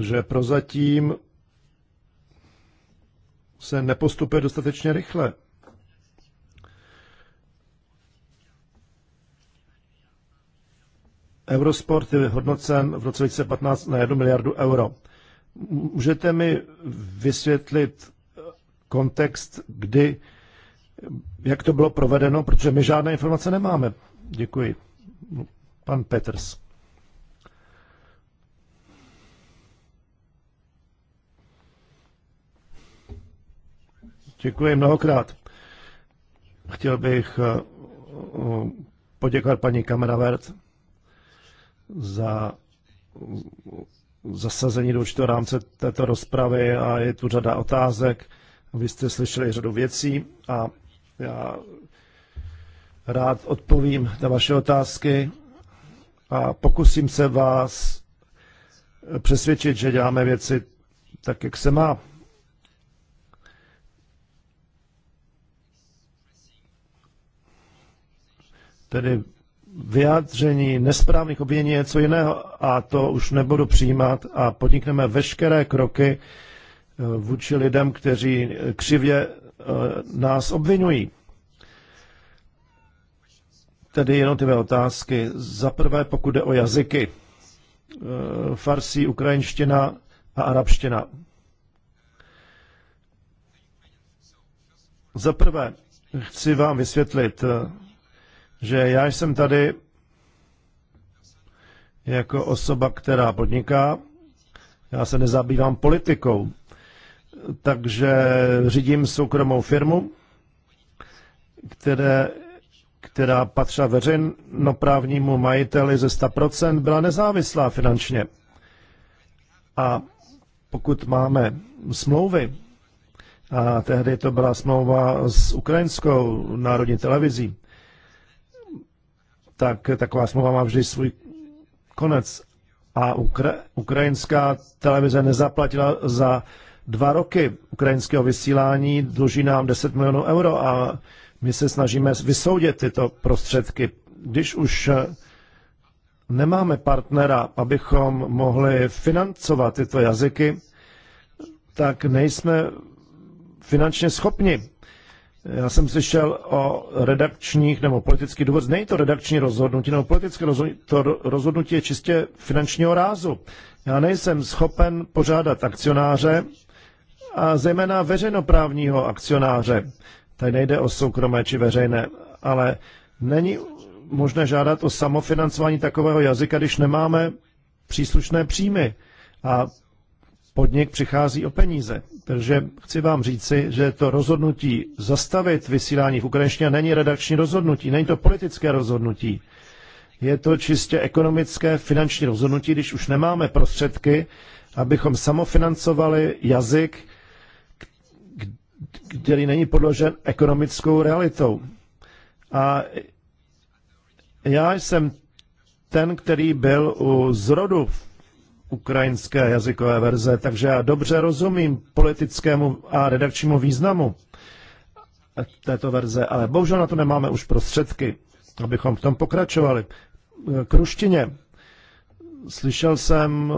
že prozatím se nepostupuje dostatečně rychle. Eurosport je hodnocen v roce 2015 na 1 miliardu euro. Můžete mi vysvětlit, kontext, kdy, jak to bylo provedeno, protože my žádné informace nemáme. Děkuji. Pan Peters. Děkuji mnohokrát. Chtěl bych eh, poděkovat paní Kameravert za zasazení do určitého rámce této rozpravy a je tu řada otázek vy jste slyšeli řadu věcí a já rád odpovím na vaše otázky a pokusím se vás přesvědčit, že děláme věci tak, jak se má. Tedy vyjádření nesprávných obvinění je něco jiného a to už nebudu přijímat a podnikneme veškeré kroky, Eh, vůči lidem, kteří křivě eh, nás obvinují. Tedy jednotlivé otázky. Za prvé, pokud jde o jazyky. Eh, Farsí, ukrajinština a arabština. Za prvé, chci vám vysvětlit, že já jsem tady jako osoba, která podniká. Já se nezabývám politikou takže řídím soukromou firmu, které, která patřila veřejnoprávnímu majiteli ze 100%, byla nezávislá finančně. A pokud máme smlouvy, a tehdy to byla smlouva s ukrajinskou národní televizí, tak taková smlouva má vždy svůj konec. A ukra- ukrajinská televize nezaplatila za dva roky ukrajinského vysílání, dluží nám 10 milionů euro a my se snažíme vysoudit tyto prostředky. Když už eh, nemáme partnera, abychom mohli financovat tyto jazyky, tak nejsme finančně schopni. Já jsem slyšel o redakčních nebo politických důvodů. Není to redakční rozhodnutí nebo politické rozhodnutí, to rozhodnutí je čistě finančního rázu. Já nejsem schopen pořádat akcionáře a zejména veřejnoprávního akcionáře. Tady nejde o soukromé či veřejné, ale není možné žádat o samofinancování takového jazyka, když nemáme příslušné příjmy a podnik přichází o peníze. Takže chci vám říci, že to rozhodnutí zastavit vysílání v Ukrajině není redakční rozhodnutí, není to politické rozhodnutí. Je to čistě ekonomické, finanční rozhodnutí, když už nemáme prostředky, abychom samofinancovali jazyk, který není podložen ekonomickou realitou. A já jsem ten, který byl u zrodu ukrajinské jazykové verze, takže já dobře rozumím politickému a redakčnímu významu této verze, ale bohužel na to nemáme už prostředky, abychom v tom pokračovali. K ruštině. Slyšel jsem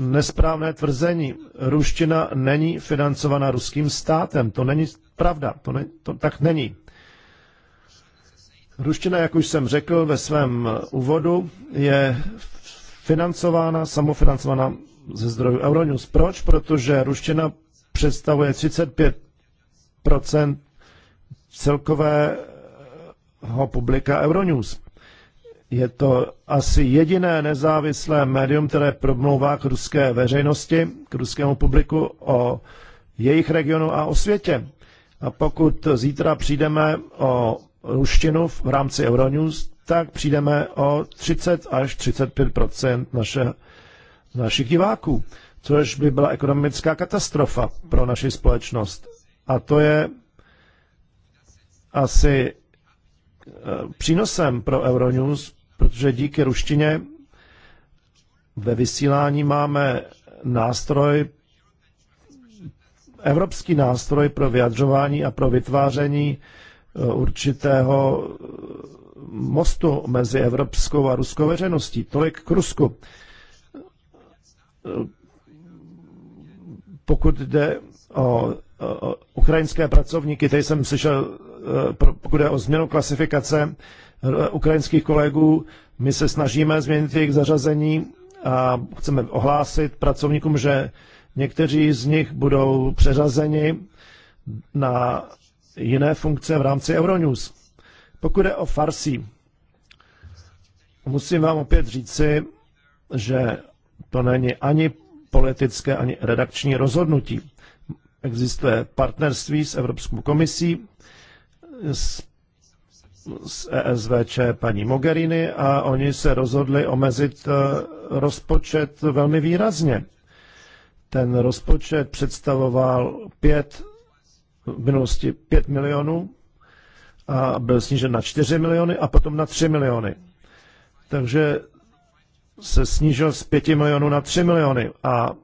nesprávné tvrzení. Ruština není financovaná ruským státem. To není pravda. To, ne, to tak není. Ruština, jak už jsem řekl ve svém úvodu, je financována, samofinancována ze zdrojů Euronews. Proč? Protože ruština představuje 35 celkového publika Euronews. Je to asi jediné nezávislé médium, které promlouvá k ruské veřejnosti, k ruskému publiku o jejich regionu a o světě. A pokud zítra přijdeme o ruštinu v rámci Euronews, tak přijdeme o 30 až 35 naše, našich diváků, což by byla ekonomická katastrofa pro naši společnost. A to je asi eh, přínosem pro Euronews, protože díky ruštině ve vysílání máme nástroj, evropský nástroj pro vyjadřování a pro vytváření eh, určitého mostu mezi evropskou a ruskou veřejností. Tolik k Rusku. Pokud jde o, o ukrajinské pracovníky, tady jsem slyšel, eh, pokud jde o změnu klasifikace, Eh, ukrajinských kolegů. My se snažíme změnit jejich zařazení a chceme ohlásit pracovníkům, že někteří z nich budou přeřazeni na jiné funkce v rámci Euronews. Pokud je o Farsi, musím vám opět říci, že to není ani politické, ani redakční rozhodnutí. Existuje partnerství s Evropskou komisí, s z ESVČ paní Mogherini a oni se rozhodli omezit eh, rozpočet velmi výrazně. Ten rozpočet představoval 5, v minulosti 5 milionů a byl snížen na 4 miliony a potom na 3 miliony. Takže se snížil z 5 milionů na 3 miliony a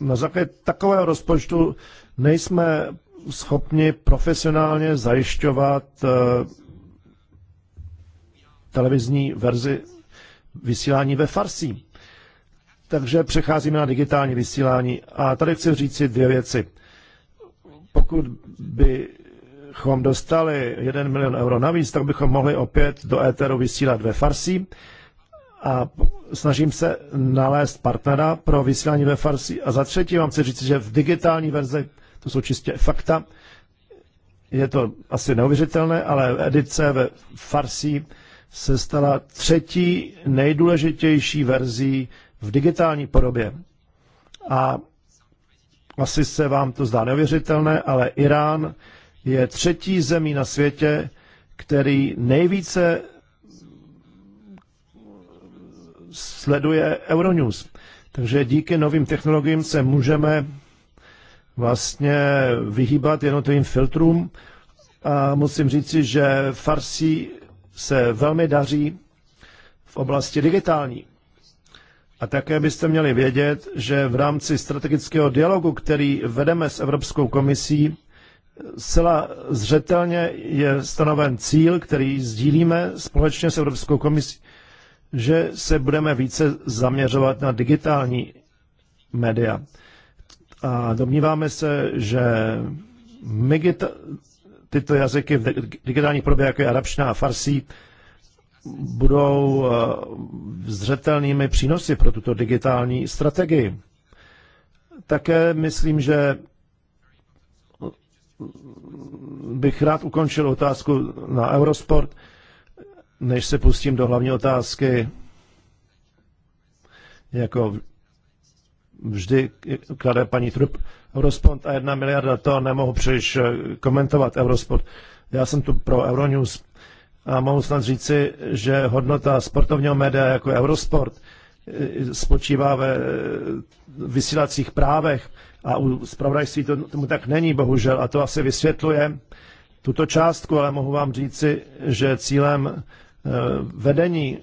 na základě takového rozpočtu nejsme schopni profesionálně zajišťovat eh, televizní verzi vysílání ve farsí, Takže přecházíme na digitální vysílání a tady chci říct si dvě věci. Pokud bychom dostali 1 milion euro navíc, tak bychom mohli opět do éteru vysílat ve farsí a snažím se nalézt partnera pro vysílání ve Farsi. A za třetí vám chci říct, že v digitální verzi, to jsou čistě fakta, je to asi neuvěřitelné, ale edice ve Farsi se stala třetí nejdůležitější verzí v digitální podobě. A asi se vám to zdá neuvěřitelné, ale Irán je třetí zemí na světě, který nejvíce sleduje Euronews. Takže díky novým technologiím se můžeme vlastně vyhýbat jednotlivým filtrům. A musím říci, že Farsi se velmi daří v oblasti digitální. A také byste měli vědět, že v rámci strategického dialogu, který vedeme s Evropskou komisí, zcela zřetelně je stanoven cíl, který sdílíme společně s Evropskou komisí, že se budeme více zaměřovat na digitální média. A domníváme se, že tyto jazyky v digitální podobě, jako je arabština a farsí, budou eh, zřetelnými přínosy pro tuto digitální strategii. Také myslím, že bych rád ukončil otázku na Eurosport, než se pustím do hlavní otázky. Jako vždy klade paní Trup, Eurosport a jedna miliarda, to nemohu příliš eh, komentovat Eurosport. Já jsem tu pro Euronews a mohu snad říci, že hodnota sportovního média jako Eurosport eh, spočívá ve eh, vysílacích právech a u spravodajství to, tomu tak není, bohužel, a to asi vysvětluje tuto částku, ale mohu vám říci, že cílem vedení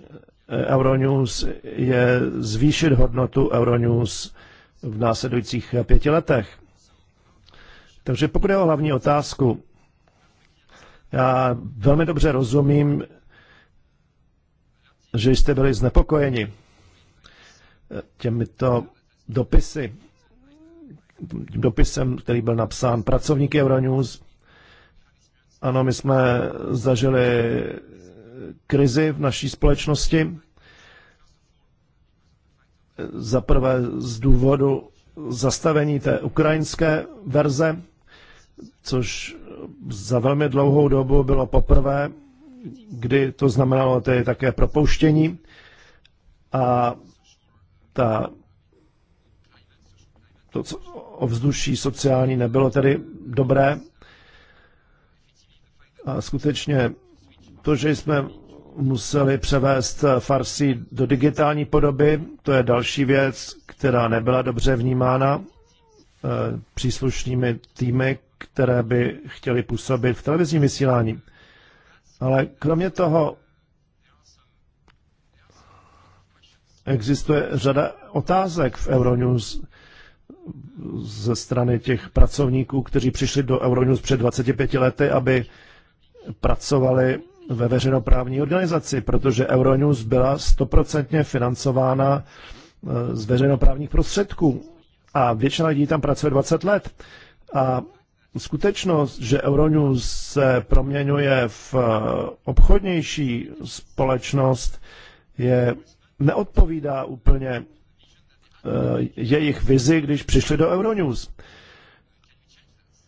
Euronews je zvýšit hodnotu Euronews v následujících pěti letech. Takže pokud je o hlavní otázku, já velmi dobře rozumím, že jste byli znepokojeni těmito dopisy, tím dopisem, který byl napsán pracovníky Euronews. Ano, my jsme zažili krizi v naší společnosti. Za prvé z důvodu zastavení té ukrajinské verze což za velmi dlouhou dobu bylo poprvé, kdy to znamenalo tedy také propouštění a ta, to co, ovzduší sociální nebylo tedy dobré. A skutečně to, že jsme museli převést Farsi do digitální podoby, to je další věc, která nebyla dobře vnímána eh, příslušnými týmy, které by chtěli působit v televizním vysílání. Ale kromě toho existuje řada otázek v Euronews ze strany těch pracovníků, kteří přišli do Euronews před 25 lety, aby pracovali ve veřejnoprávní organizaci, protože Euronews byla stoprocentně financována e, z veřejnoprávních prostředků a většina lidí tam pracuje 20 let. A skutečnost, že Euronews se proměňuje v eh, obchodnější společnost, je neodpovídá úplně eh, jejich vizi, když přišli do Euronews.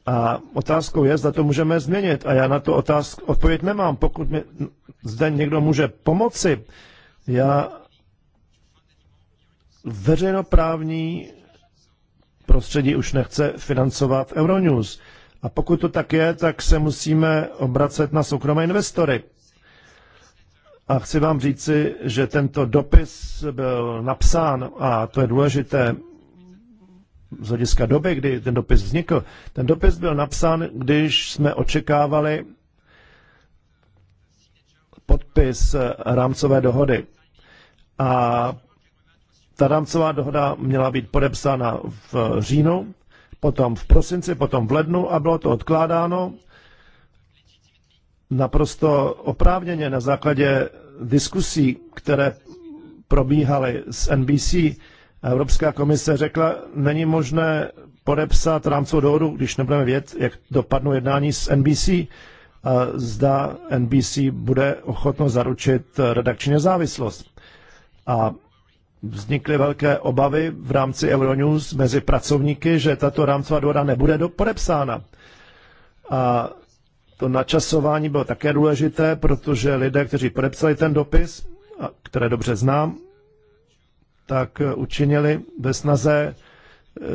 A otázkou je, zda to můžeme změnit. A já na tu otázku odpověď nemám. Pokud mi zde někdo může pomoci, já veřejnoprávní prostředí už nechce financovat Euronews. A pokud to tak je, tak se musíme obracet na soukromé investory. A chci vám říci, že tento dopis byl napsán, a to je důležité z hlediska doby, kdy ten dopis vznikl. Ten dopis byl napsán, když jsme očekávali podpis rámcové dohody. A ta rámcová dohoda měla být podepsána v říjnu, potom v prosinci, potom v lednu a bylo to odkládáno naprosto oprávněně na základě diskusí, které probíhaly s NBC. Evropská komise řekla, není možné podepsat rámcovou dohodu, když nebudeme vědět, jak dopadnou jednání s NBC. Zda NBC bude ochotno zaručit redakční nezávislost. A vznikly velké obavy v rámci Euronews mezi pracovníky, že tato rámcová dohoda nebude podepsána. A to načasování bylo také důležité, protože lidé, kteří podepsali ten dopis, a které dobře znám, tak eh, učinili ve snaze, eh,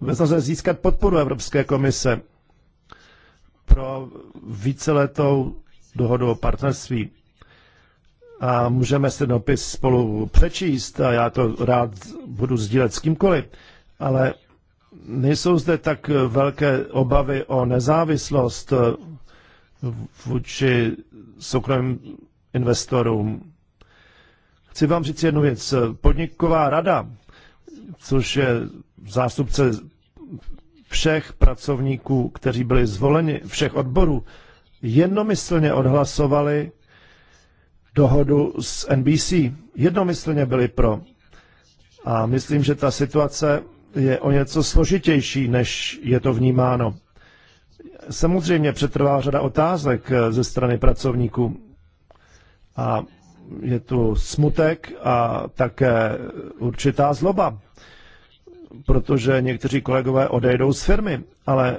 ve snaze získat podporu Evropské komise pro víceletou dohodu o partnerství a můžeme si dopis spolu přečíst a já to rád budu sdílet s kýmkoliv, ale nejsou zde tak velké obavy o nezávislost vůči soukromým investorům. Chci vám říct jednu věc. Podniková rada, což je zástupce všech pracovníků, kteří byli zvoleni, všech odborů, jednomyslně odhlasovali dohodu s NBC. Jednomyslně byli pro. A myslím, že ta situace je o něco složitější, než je to vnímáno. Samozřejmě přetrvá řada otázek eh, ze strany pracovníků. A je tu smutek a také určitá zloba, protože někteří kolegové odejdou z firmy, ale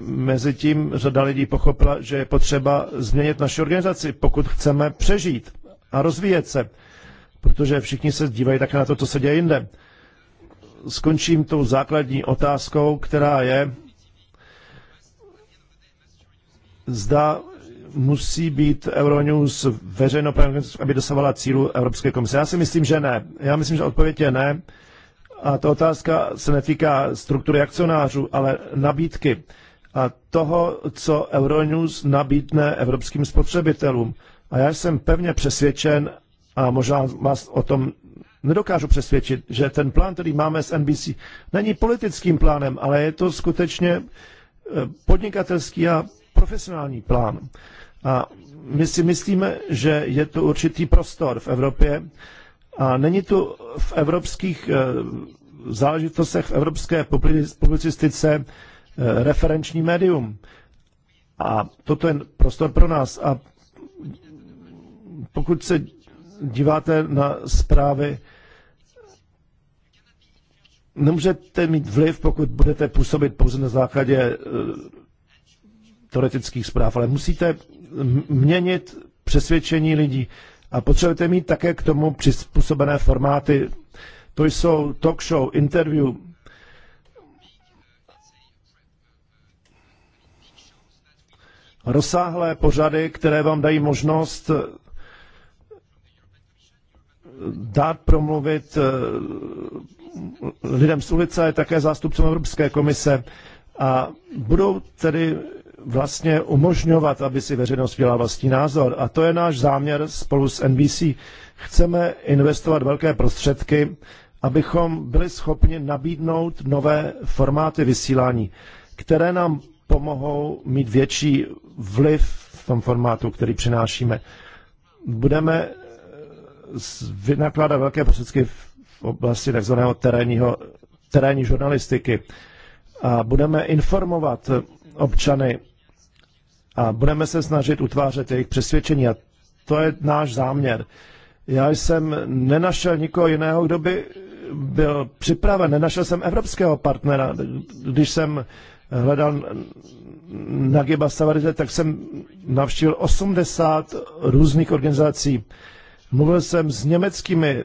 Mezitím řada lidí pochopila, že je potřeba změnit naši organizaci, pokud chceme přežít a rozvíjet se, protože všichni se dívají také na to, co se děje jinde. Skončím tou základní otázkou, která je, zda musí být Euronews veřejnoprávní, aby dosahovala cílu Evropské komise. Já si myslím, že ne. Já myslím, že odpověď je ne. A ta otázka se netýká struktury akcionářů, ale nabídky a toho, co Euronews nabídne evropským spotřebitelům. A já jsem pevně přesvědčen, a možná vás o tom nedokážu přesvědčit, že ten plán, který máme s NBC, není politickým plánem, ale je to skutečně e, podnikatelský a profesionální plán. A my si myslíme, že je to určitý prostor v Evropě a není tu v evropských e, záležitostech, v evropské publicistice Eh, referenční médium. A toto je prostor pro nás. A pokud se díváte na zprávy, nemůžete mít vliv, pokud budete působit pouze na základě eh, teoretických zpráv, ale musíte měnit přesvědčení lidí a potřebujete mít také k tomu přizpůsobené formáty. To jsou talk show, interview, rozsáhlé pořady, které vám dají možnost eh, dát promluvit eh, lidem z ulice, také zástupcům Evropské komise a budou tedy vlastně umožňovat, aby si veřejnost dělala vlastní názor. A to je náš záměr spolu s NBC. Chceme investovat velké prostředky, abychom byli schopni nabídnout nové formáty vysílání, které nám pomohou mít větší vliv v tom formátu, který přinášíme. Budeme eh, vynakládat velké prostředky v oblasti takzvaného terénního, terénní žurnalistiky a budeme informovat eh, občany a budeme se snažit utvářet jejich přesvědčení a to je náš záměr. Já jsem nenašel nikoho jiného, kdo by byl připraven. Nenašel jsem evropského partnera. Když jsem hledal Nagiba Savarize, tak jsem navštívil 80 různých organizací. Mluvil jsem s německými eh,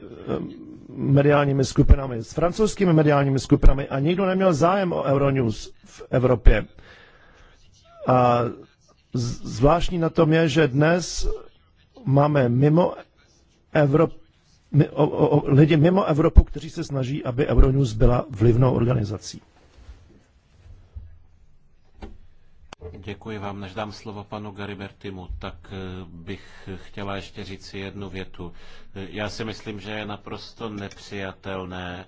mediálními skupinami, s francouzskými mediálními skupinami a nikdo neměl zájem o Euronews v Evropě. A zvláštní na tom je, že dnes máme mimo Evropu, lidi mimo Evropu, kteří se snaží, aby Euronews byla vlivnou organizací.
Děkuji vám. Než dám slovo panu Garibertimu, tak eh, bych chtěla ještě říct jednu větu. Eh, já si myslím, že je naprosto nepřijatelné,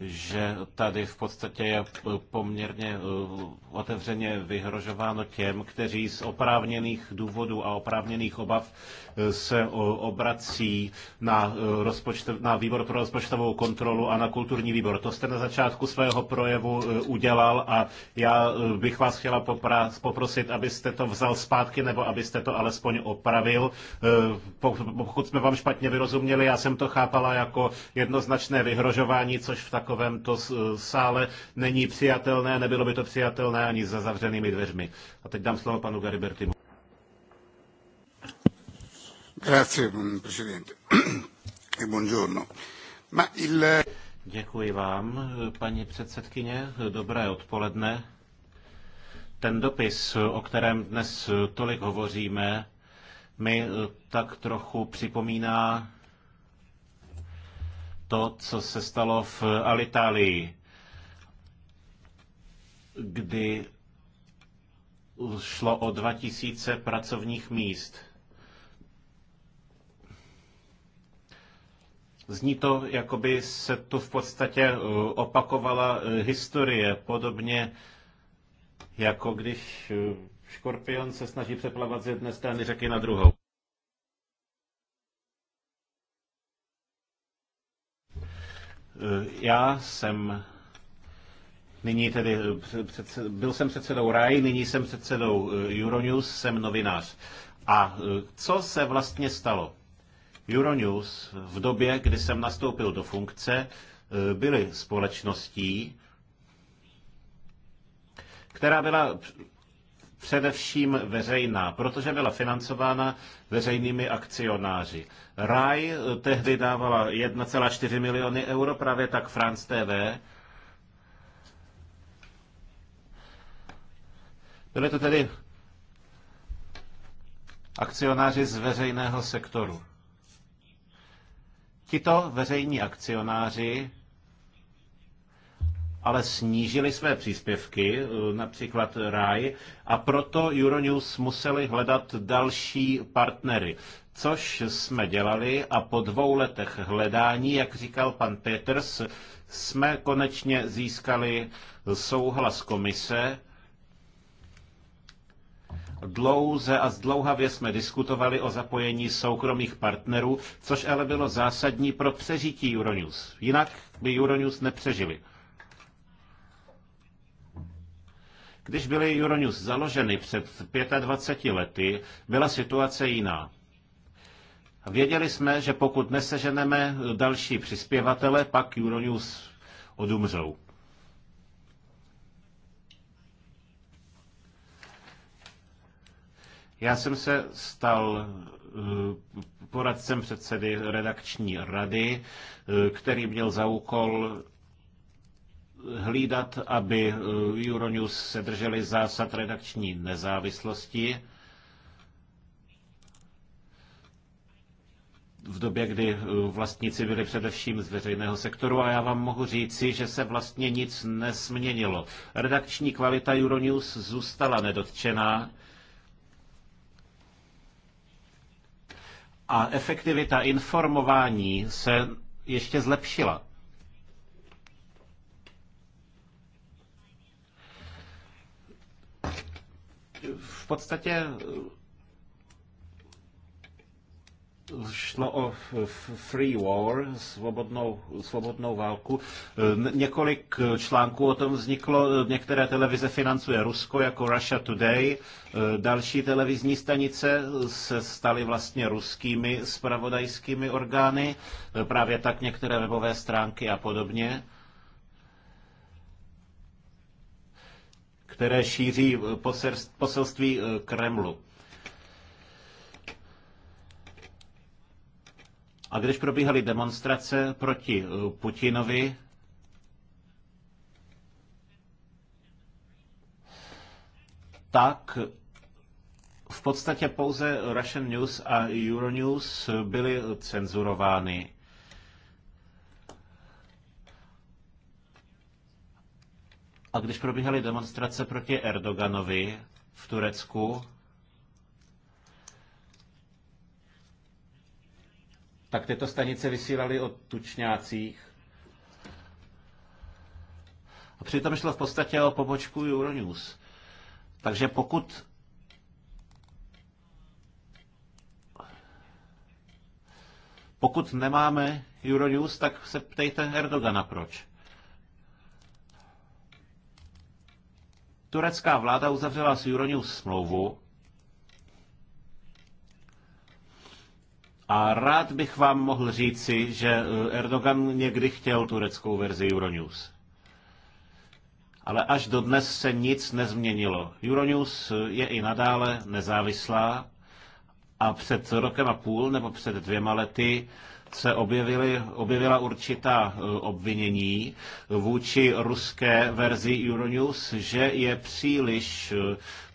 že tady v podstatě je poměrně eh, otevřeně vyhrožováno těm, kteří z oprávněných důvodů a oprávněných obav eh, se obrací na, eh, rozpočtov, na výbor pro rozpočtovou kontrolu a na kulturní výbor. To jste na začátku svého projevu udělal a já bych vás chtěla poprosit, abyste to vzal zpátky nebo abyste to alespoň opravil. Pokud jsme vám špatně vyrozuměli, já jsem to chápala jako jednoznačné vyhrožování, což v tak takovémto eh, sále není přijatelné, nebylo by to přijatelné ani za zavřenými dveřmi. A teď dám slovo panu Garibertimu. Grazie, presidente. E buongiorno. Ma il... Děkuji vám, paní předsedkyně. Dobré odpoledne. Ten dopis, o kterém dnes tolik hovoříme, mi eh, tak trochu připomíná to, co se stalo v Alitalii, kdy šlo o 2000 pracovních míst. Zní to, jako by se tu v podstatě eh, opakovala eh, historie, podobně jako když eh, škorpion se snaží přeplavat z jedné strany řeky na druhou. Já jsem nyní tedy, před, byl jsem předsedou RAI, nyní jsem předsedou eh, Euronews, jsem novinář. A eh, co se vlastně stalo? Euronews v době, kdy jsem nastoupil do funkce, eh, byly společností, která byla především veřejná, protože byla financována veřejnými akcionáři. RAI eh, tehdy dávala 1,4 miliony euro, právě tak France TV. Byly to tedy akcionáři z veřejného sektoru. Tito veřejní akcionáři ale snížili své příspěvky, e, například RAI, a proto Euronews museli hledat další partnery což jsme dělali a po dvou letech hledání, jak říkal pan Peters, jsme konečně získali souhlas komise. Dlouze a zdlouhavě jsme diskutovali o zapojení soukromých partnerů, což ale bylo zásadní pro přežití Euronews. Jinak by Euronews nepřežili. Když byly Euronews založeny před 25 lety, byla situace jiná. Věděli jsme, že pokud neseženeme další přispěvatele, pak Euronews odumřou. Já jsem se stal eh, poradcem předsedy redakční rady, eh, který měl za úkol hlídat, aby eh, Euronews se drželi zásad redakční nezávislosti. v době, kdy eh, vlastníci byli především z veřejného sektoru a já vám mohu říci, že se vlastně nic nesměnilo. Redakční kvalita Euronews zůstala nedotčená a efektivita informování se ještě zlepšila. v podstatě eh, šlo o free war, svobodnou, svobodnou válku. Eh, několik eh, článků o tom vzniklo. Některé televize financuje Rusko, jako Russia Today. Další televizní stanice se staly vlastně ruskými spravodajskými orgány. Právě tak některé webové stránky a podobně. které šíří eh, poselství eh, Kremlu. A když probíhaly demonstrace proti eh, Putinovi, tak v podstatě pouze Russian News a Euronews byly cenzurovány. A když probíhaly demonstrace proti Erdoganovi v Turecku, tak tyto stanice vysílaly o tučňácích. A přitom šlo v podstatě o pobočku Euronews. Takže pokud pokud nemáme Euronews, tak se ptejte Erdogana proč. Turecká vláda uzavřela s Euronews smlouvu a rád bych vám mohl říci, že eh, Erdogan někdy chtěl tureckou verzi Euronews. Ale až do dnes se nic nezměnilo. Euronews eh, je i nadále nezávislá a před rokem a půl nebo před dvěma lety se objevily, objevila určitá e, obvinění vůči ruské verzi Euronews, že je příliš e,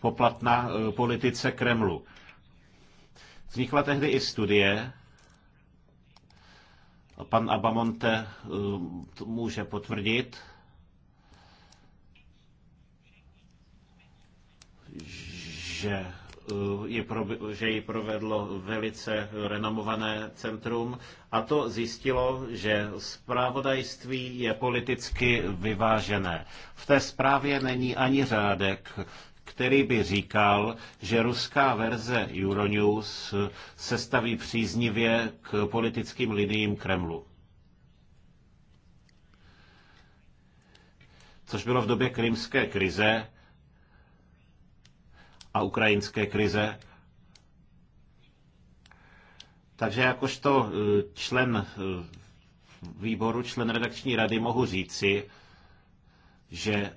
poplatná e, politice Kremlu. Vznikla tehdy i studie, pan Abamonte to může potvrdit, že Eh, že ji provedlo velice renomované centrum a to zjistilo, že zpravodajství je politicky vyvážené. V té zprávě není ani řádek, který by říkal, že ruská verze Euronews se staví příznivě k politickým liniím Kremlu. Což bylo v době krymské krize a ukrajinské krize. Takže jakožto e, člen e, výboru, člen redakční rady mohu říci, že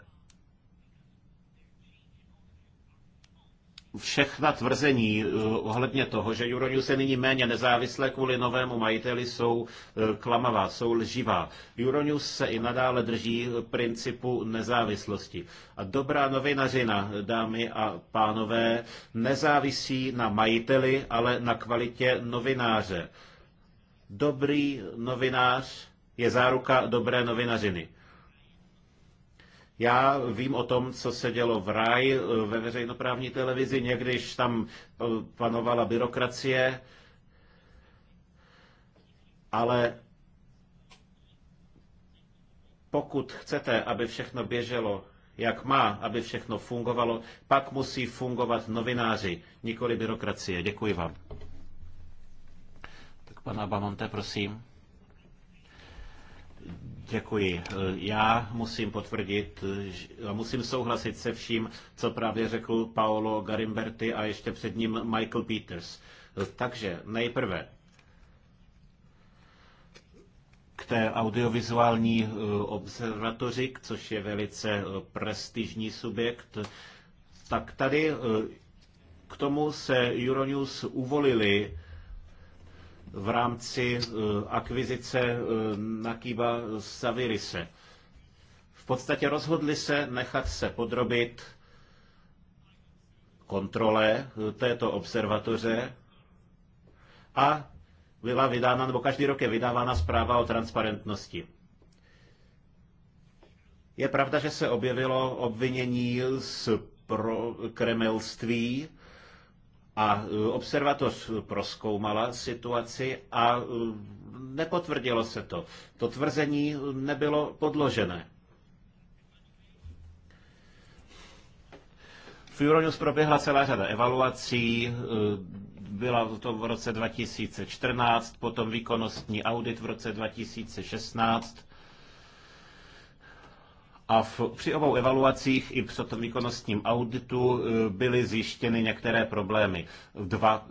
všechna tvrzení eh, ohledně toho, že Euronews je nyní méně nezávislé kvůli novému majiteli, jsou eh, klamavá, jsou lživá. Euronews se i nadále drží eh, principu nezávislosti. A dobrá novinařina, dámy a pánové, nezávisí na majiteli, ale na kvalitě novináře. Dobrý novinář je záruka dobré novinařiny. Já vím o tom, co se dělo v RAI eh, ve veřejnoprávní televizi, někdyž tam eh, panovala byrokracie, ale pokud chcete, aby všechno běželo jak má, aby všechno fungovalo, pak musí fungovat novináři, nikoli byrokracie. Děkuji vám. Tak pana Bamonte, prosím. Děkuji. Já musím potvrdit, musím souhlasit se vším, co právě řekl Paolo Garimberti a ještě před ním Michael Peters. Takže nejprve k té audiovizuální eh, observatoři, což je velice eh, prestižní subjekt, tak tady eh, k tomu se Euronews uvolili v rámci e, akvizice e, Nakiba Savirise. V podstatě rozhodli se nechat se podrobit kontrole e, této observatoře a byla vydána, nebo každý rok je vydávána zpráva o transparentnosti. Je pravda, že se objevilo obvinění z pro kremelství, a e, observatoř proskoumala situaci a e, nepotvrdilo se to. To tvrzení nebylo podložené. V Euronews proběhla celá řada evaluací, e, byla to v roce 2014, potom výkonnostní audit v roce 2016 a v, při obou evaluacích i při tom výkonnostním auditu e, byly zjištěny některé problémy. Dva,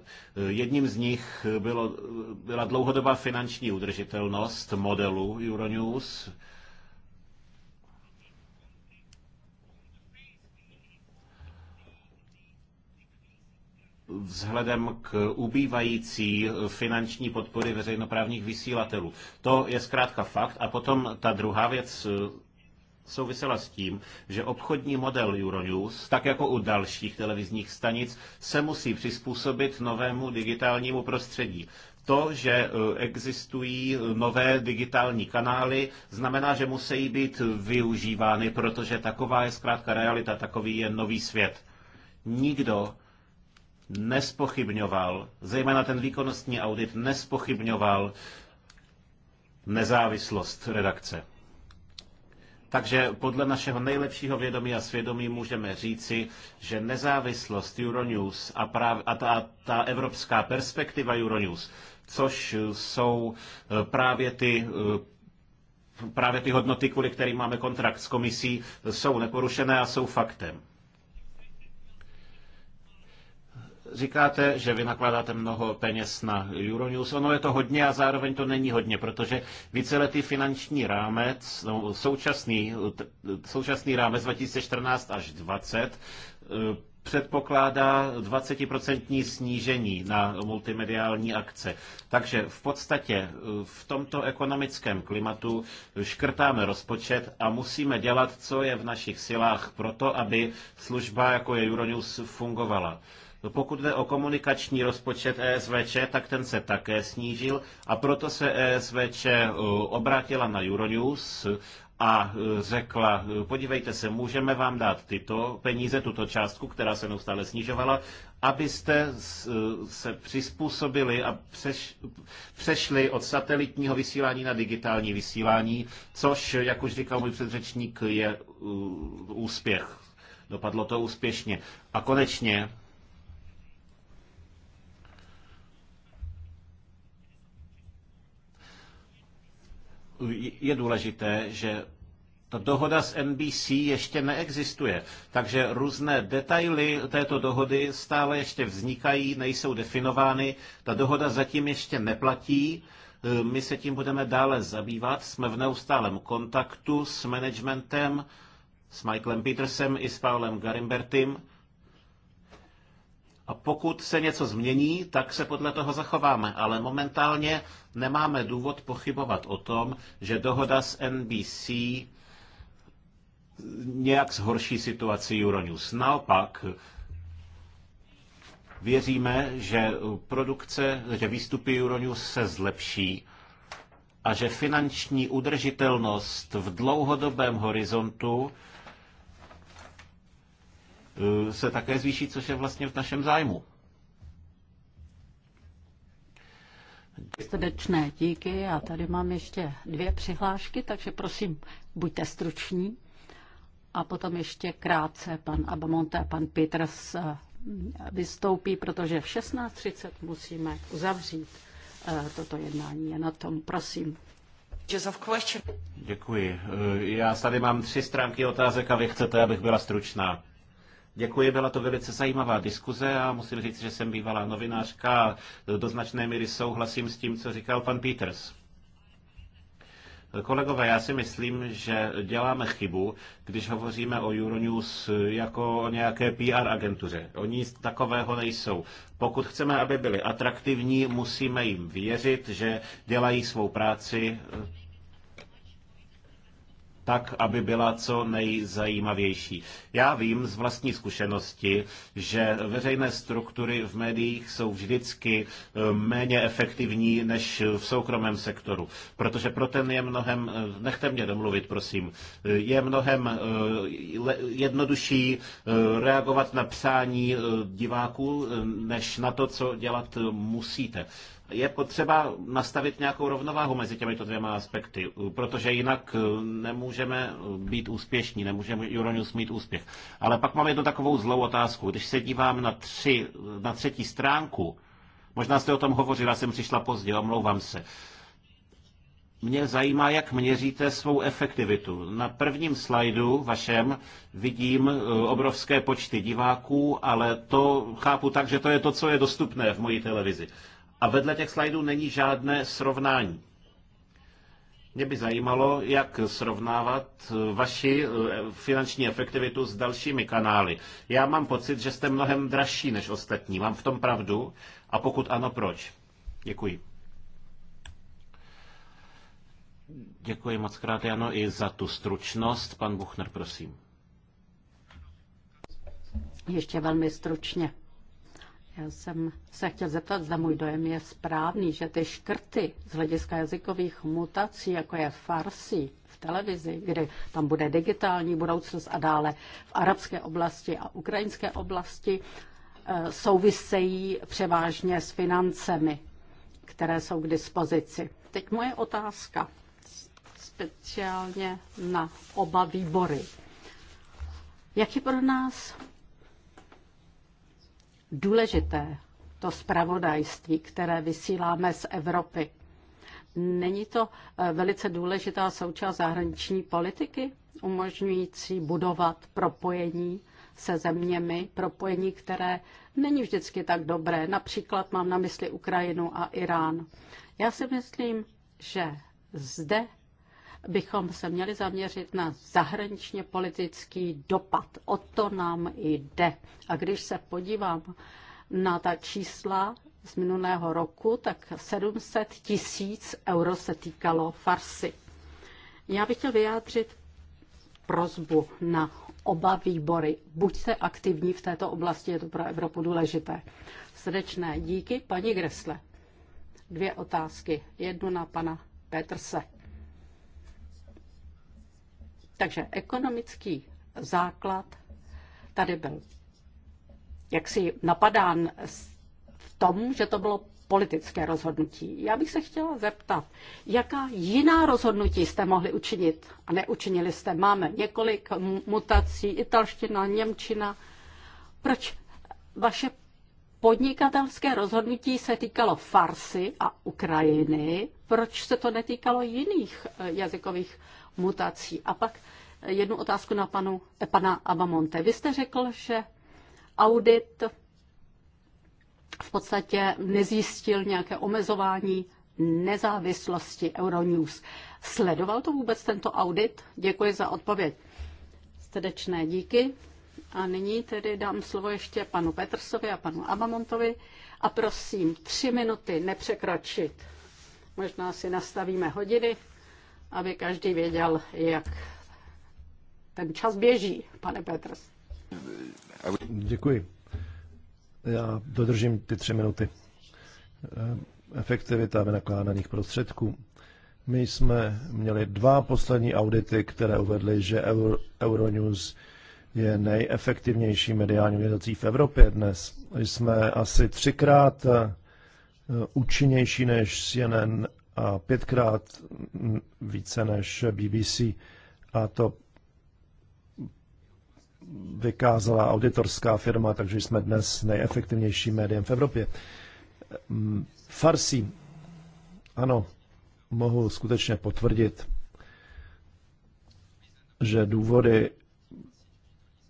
e, jedním z nich bylo, byla dlouhodobá finanční udržitelnost modelu Euronews. vzhledem k ubývající finanční podpory veřejnoprávních vysílatelů. To je zkrátka fakt. A potom ta druhá věc, souvisela s tím, že obchodní model Euronews, tak jako u dalších televizních stanic, se musí přizpůsobit novému digitálnímu prostředí. To, že e, existují e, nové digitální kanály, znamená, že musí být využívány, protože taková je zkrátka realita, takový je nový svět. Nikdo nespochybňoval, zejména ten výkonnostní audit nespochybňoval nezávislost redakce. Takže podle našeho nejlepšího vědomí a svědomí můžeme říci, že nezávislost Euronews a, práv, a ta, ta evropská perspektiva Euronews, což jsou eh, právě ty eh, právě ty hodnoty, kvůli kterým máme kontrakt s komisí, jsou neporušené a jsou faktem. Říkáte, že vy nakládáte mnoho peněz na Euronews. Ono je to hodně a zároveň to není hodně, protože víceletý finanční rámec, no, současný, současný rámec 2014 až 2020 eh, předpokládá 20% snížení na multimediální akce. Takže v podstatě eh, v tomto ekonomickém klimatu škrtáme rozpočet a musíme dělat, co je v našich silách pro to, aby služba jako je Euronews fungovala. No pokud jde o komunikační rozpočet ESVČ, tak ten se také snížil a proto se ESVČ eh, obrátila na Euronews a eh, řekla, eh, podívejte se, můžeme vám dát tyto peníze, tuto částku, která se neustále snižovala, abyste se přizpůsobili a přešli od satelitního vysílání na digitální vysílání, což, jak už říkal můj předřečník, je úspěch. Dopadlo to úspěšně. A konečně je důležité, že ta dohoda s NBC ještě neexistuje, takže různé detaily této dohody stále ještě vznikají, nejsou definovány, ta dohoda zatím ještě neplatí, e, my se tím budeme dále zabývat, jsme v neustálém kontaktu s managementem, s Michaelem Petersem i s Paulem Garimbertem. A pokud se něco změní, tak se podle toho zachováme. Ale momentálně nemáme důvod pochybovat o tom, že dohoda s NBC nějak zhorší situaci Euronews. Naopak, věříme, že produkce, že výstupy Euronews se zlepší a že finanční udržitelnost v dlouhodobém horizontu Eh, se také zvýší, což je vlastně v našem zájmu.
Srdečné díky a tady mám ještě dvě přihlášky, takže prosím, buďte struční. A potom ještě krátce pan Abamonte a pan Peters eh, vystoupí, protože v 16.30 musíme uzavřít eh, toto jednání. Je na tom, prosím.
Děkuji. Já tady mám tři stránky otázek a vy chcete, abych byla stručná. Děkuji, byla to velice zajímavá diskuze a musím říct, že jsem bývalá novinářka a do značné míry souhlasím s tím, co říkal pan Peters. Kolegové, já si myslím, že děláme chybu, když hovoříme o Euronews jako o nějaké PR agentuře. Oni takového nejsou. Pokud chceme, aby byli atraktivní, musíme jim věřit, že dělají svou práci tak, aby byla co nejzajímavější. Já vím z vlastní zkušenosti, že veřejné struktury v médiích jsou vždycky eh, méně efektivní než v soukromém sektoru, protože pro ten je mnohem, eh, nechte mě domluvit, prosím, eh, je mnohem jednodušší reagovat na přání diváků, než na to, co dělat musíte je potřeba nastavit nějakou rovnováhu mezi těmito dvěma aspekty, protože jinak eh, nemůžeme eh, být úspěšní, nemůžeme Euronews mít úspěch. Ale pak mám jednu takovou zlou otázku. Když se dívám na, tři, na třetí stránku, možná jste o tom hovořila, jsem přišla pozdě, omlouvám se. Mě zajímá, jak měříte svou efektivitu. Na prvním slajdu vašem vidím eh, obrovské počty diváků, ale to chápu tak, že to je to, co je dostupné v mojí televizi a vedle těch slajdů není žádné srovnání. Mě by zajímalo, jak srovnávat eh, vaši eh, finanční efektivitu s dalšími kanály. Já mám pocit, že jste mnohem dražší než ostatní. Mám v tom pravdu? A pokud ano, proč? Děkuji. Děkuji moc krát, Jano, i za tu stručnost. Pan Buchner, prosím.
Ještě velmi stručně. Já jsem se chtěl zeptat, zda můj dojem je správný, že ty škrty z hlediska jazykových mutací, jako je farsi v televizi, kdy tam bude digitální budoucnost a dále v arabské oblasti a ukrajinské oblasti, eh, souvisejí převážně s financemi, které jsou k dispozici. Teď moje otázka speciálně na oba výbory. Jak je pro nás důležité to spravodajství, které vysíláme z Evropy. Není to eh, velice důležitá součást zahraniční politiky, umožňující budovat propojení se zeměmi, propojení, které není vždycky tak dobré. Například mám na mysli Ukrajinu a Irán. Já si myslím, že zde bychom se měli zaměřit na zahraničně politický dopad. O to nám jde. A když se podívám na ta čísla z minulého roku, tak 700 tisíc euro se týkalo Farsy. Já bych chtěl vyjádřit prozbu na oba výbory. Buďte aktivní v této oblasti, je to pro Evropu důležité. Srdečné díky, paní Gresle. Dvě otázky. Jednu na pana Petrse. Takže ekonomický základ tady byl jaksi napadán v tom, že to bylo politické rozhodnutí. Já bych se chtěla zeptat, jaká jiná rozhodnutí jste mohli učinit a neučinili jste? Máme několik mutací, italština, němčina. Proč vaše podnikatelské rozhodnutí se týkalo Farsy a Ukrajiny? Proč se to netýkalo jiných eh, jazykových mutací. A pak jednu otázku na panu, eh, pana Abamonte. Vy jste řekl, že audit v podstatě nezjistil nějaké omezování nezávislosti Euronews. Sledoval to vůbec tento audit? Děkuji za odpověď. Srdečné díky. A nyní tedy dám slovo ještě panu Petrsovi a panu Abamontovi. A prosím, tři minuty nepřekročit. Možná si nastavíme hodiny aby každý věděl, jak ten čas běží, pane Petrs.
Děkuji. Já dodržím ty tři minuty. Eh, efektivita vynakládaných prostředků. My jsme měli dva poslední audity, které uvedly, že Euro, Euronews je nejefektivnější mediální organizací v Evropě dnes. Jsme asi třikrát eh, účinnější než CNN a pětkrát více než BBC. A to vykázala auditorská firma, takže jsme dnes nejefektivnější médiem v Evropě. Mm, Farsi, ano, mohu skutečně potvrdit, že důvody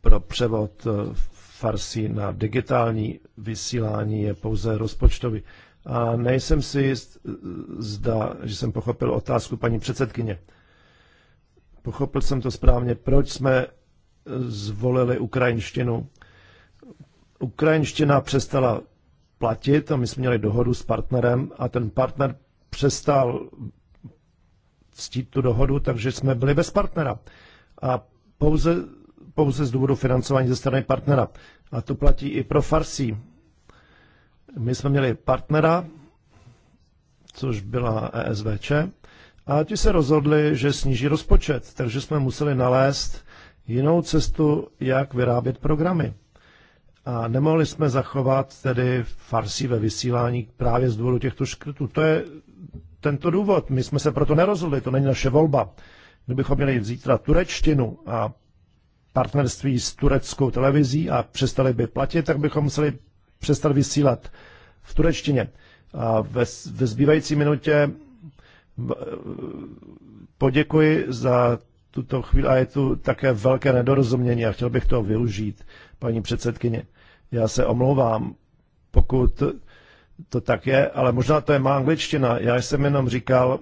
pro převod Farsi na digitální vysílání je pouze rozpočtový. A nejsem si jist, zda, že jsem pochopil otázku paní předsedkyně. Pochopil jsem to správně. Proč jsme zvolili ukrajinštinu? Ukrajinština přestala platit a my jsme měli dohodu s partnerem a ten partner přestal ctít tu dohodu, takže jsme byli bez partnera. A pouze, pouze z důvodu financování ze strany partnera. A to platí i pro Farsi. My jsme měli partnera, což byla ESVČ, a ti se rozhodli, že sníží rozpočet, takže jsme museli nalézt jinou cestu, jak vyrábět programy. A nemohli jsme zachovat tedy farsí ve vysílání právě z důvodu těchto škrtů. To je tento důvod. My jsme se proto nerozhodli, to není naše volba. Kdybychom měli zítra turečtinu a partnerství s tureckou televizí a přestali by platit, tak bychom museli přestat vysílat v turečtině. A ve, ve zbývající minutě eh, poděkuji za tuto chvíli a je tu také velké nedorozumění a chtěl bych to využít, paní předsedkyně. Já se omlouvám, pokud to tak je, ale možná to je má angličtina. Já jsem jenom říkal,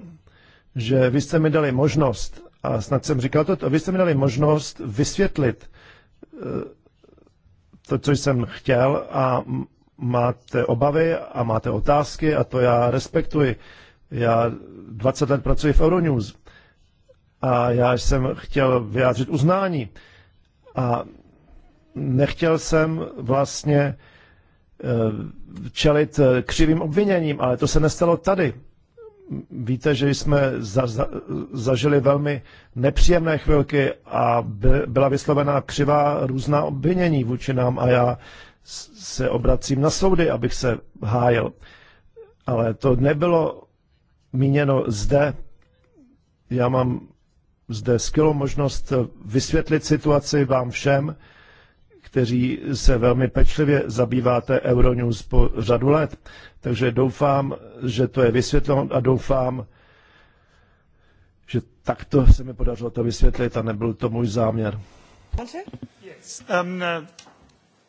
že vy jste mi dali možnost, a snad jsem říkal toto, vy jste mi dali možnost vysvětlit eh, to, co jsem chtěl a máte obavy a máte otázky a to já respektuji. Já 20 let pracuji v Euronews a já jsem chtěl vyjádřit uznání a nechtěl jsem vlastně eh, čelit eh, křivým obviněním, ale to se nestalo tady víte, že jsme za, za, zažili velmi nepříjemné chvilky a by, byla vyslovena křivá různá obvinění vůči nám a já se obracím na soudy, abych se hájil. Ale to nebylo míněno zde. Já mám zde skvělou možnost vysvětlit situaci vám všem kteří se velmi pečlivě zabýváte Euronews po řadu let. Takže doufám, že to je vysvětleno a doufám, že takto se mi podařilo to vysvětlit a nebyl to můj záměr. Um,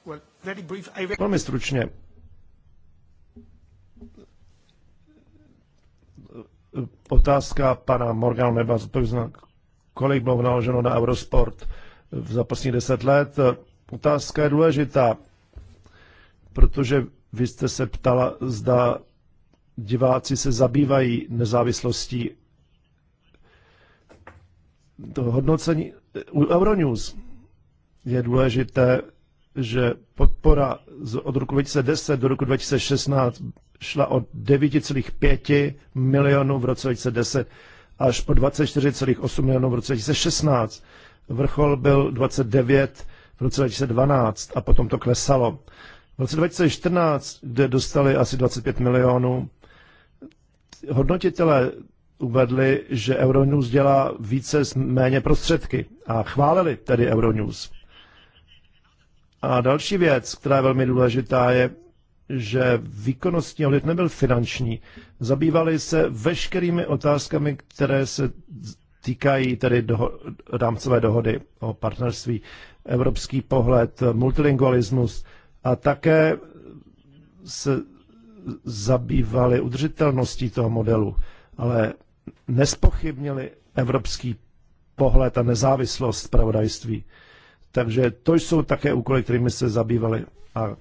uh, velmi stručně. Otázka pana Morgana Neba, kolik bylo naloženo na Eurosport za posledních deset let. Otázka je důležitá, protože vy jste se ptala, zda diváci se zabývají nezávislostí to hodnocení u Euronews je důležité, že podpora od roku 2010 do roku 2016 šla od 9,5 milionů v roce 2010 až po 24,8 milionů v roce 2016. Vrchol byl 29 roce 2012 a potom to klesalo. V roce 2014, kde dostali asi 25 milionů, hodnotitelé uvedli, že Euronews dělá více s méně prostředky a chválili tedy Euronews. A další věc, která je velmi důležitá, je, že výkonnostní audit nebyl finanční. Zabývali se veškerými otázkami, které se týkají tedy doho- rámcové dohody o partnerství evropský pohled, multilingualismus a také se zabývali udržitelností toho modelu, ale nespochybnili evropský pohled a nezávislost spravodajství. Takže to jsou také úkoly, kterými se zabývali a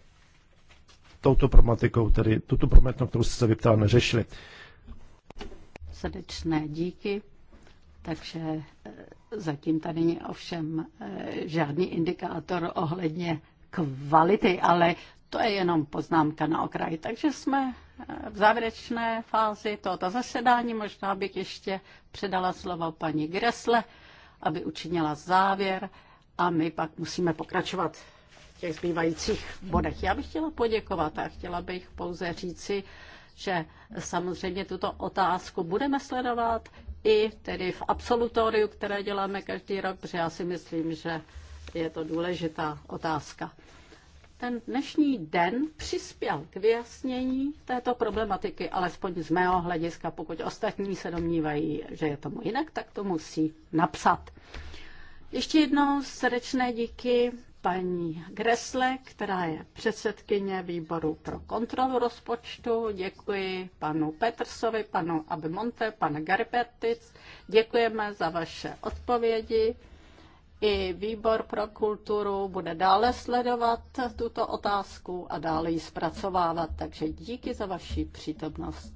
touto problematikou, tedy tuto problematikou, kterou jste se vyptala, neřešili.
Srdečné díky. Takže Zatím tady není ovšem eh, žádný indikátor ohledně kvality, ale to je jenom poznámka na okraji. Takže jsme eh, v závěrečné fázi tohoto zasedání. Možná bych ještě předala slovo paní Gresle, aby učinila závěr a my pak musíme pokračovat v těch zbývajících bodech. Já bych chtěla poděkovat a chtěla bych pouze říci, že samozřejmě tuto otázku budeme sledovat i tedy v absolutoriu, které děláme každý rok, protože já si myslím, že je to důležitá otázka. Ten dnešní den přispěl k vyjasnění této problematiky, alespoň z mého hlediska. Pokud ostatní se domnívají, že je tomu jinak, tak to musí napsat. Ještě jednou srdečné díky paní Gresle, která je předsedkyně výboru pro kontrolu rozpočtu. Děkuji panu Petrsovi, panu Abimonte, panu Garibertic. Děkujeme za vaše odpovědi. I výbor pro kulturu bude dále sledovat tuto otázku a dále ji zpracovávat. Takže díky za vaši přítomnost.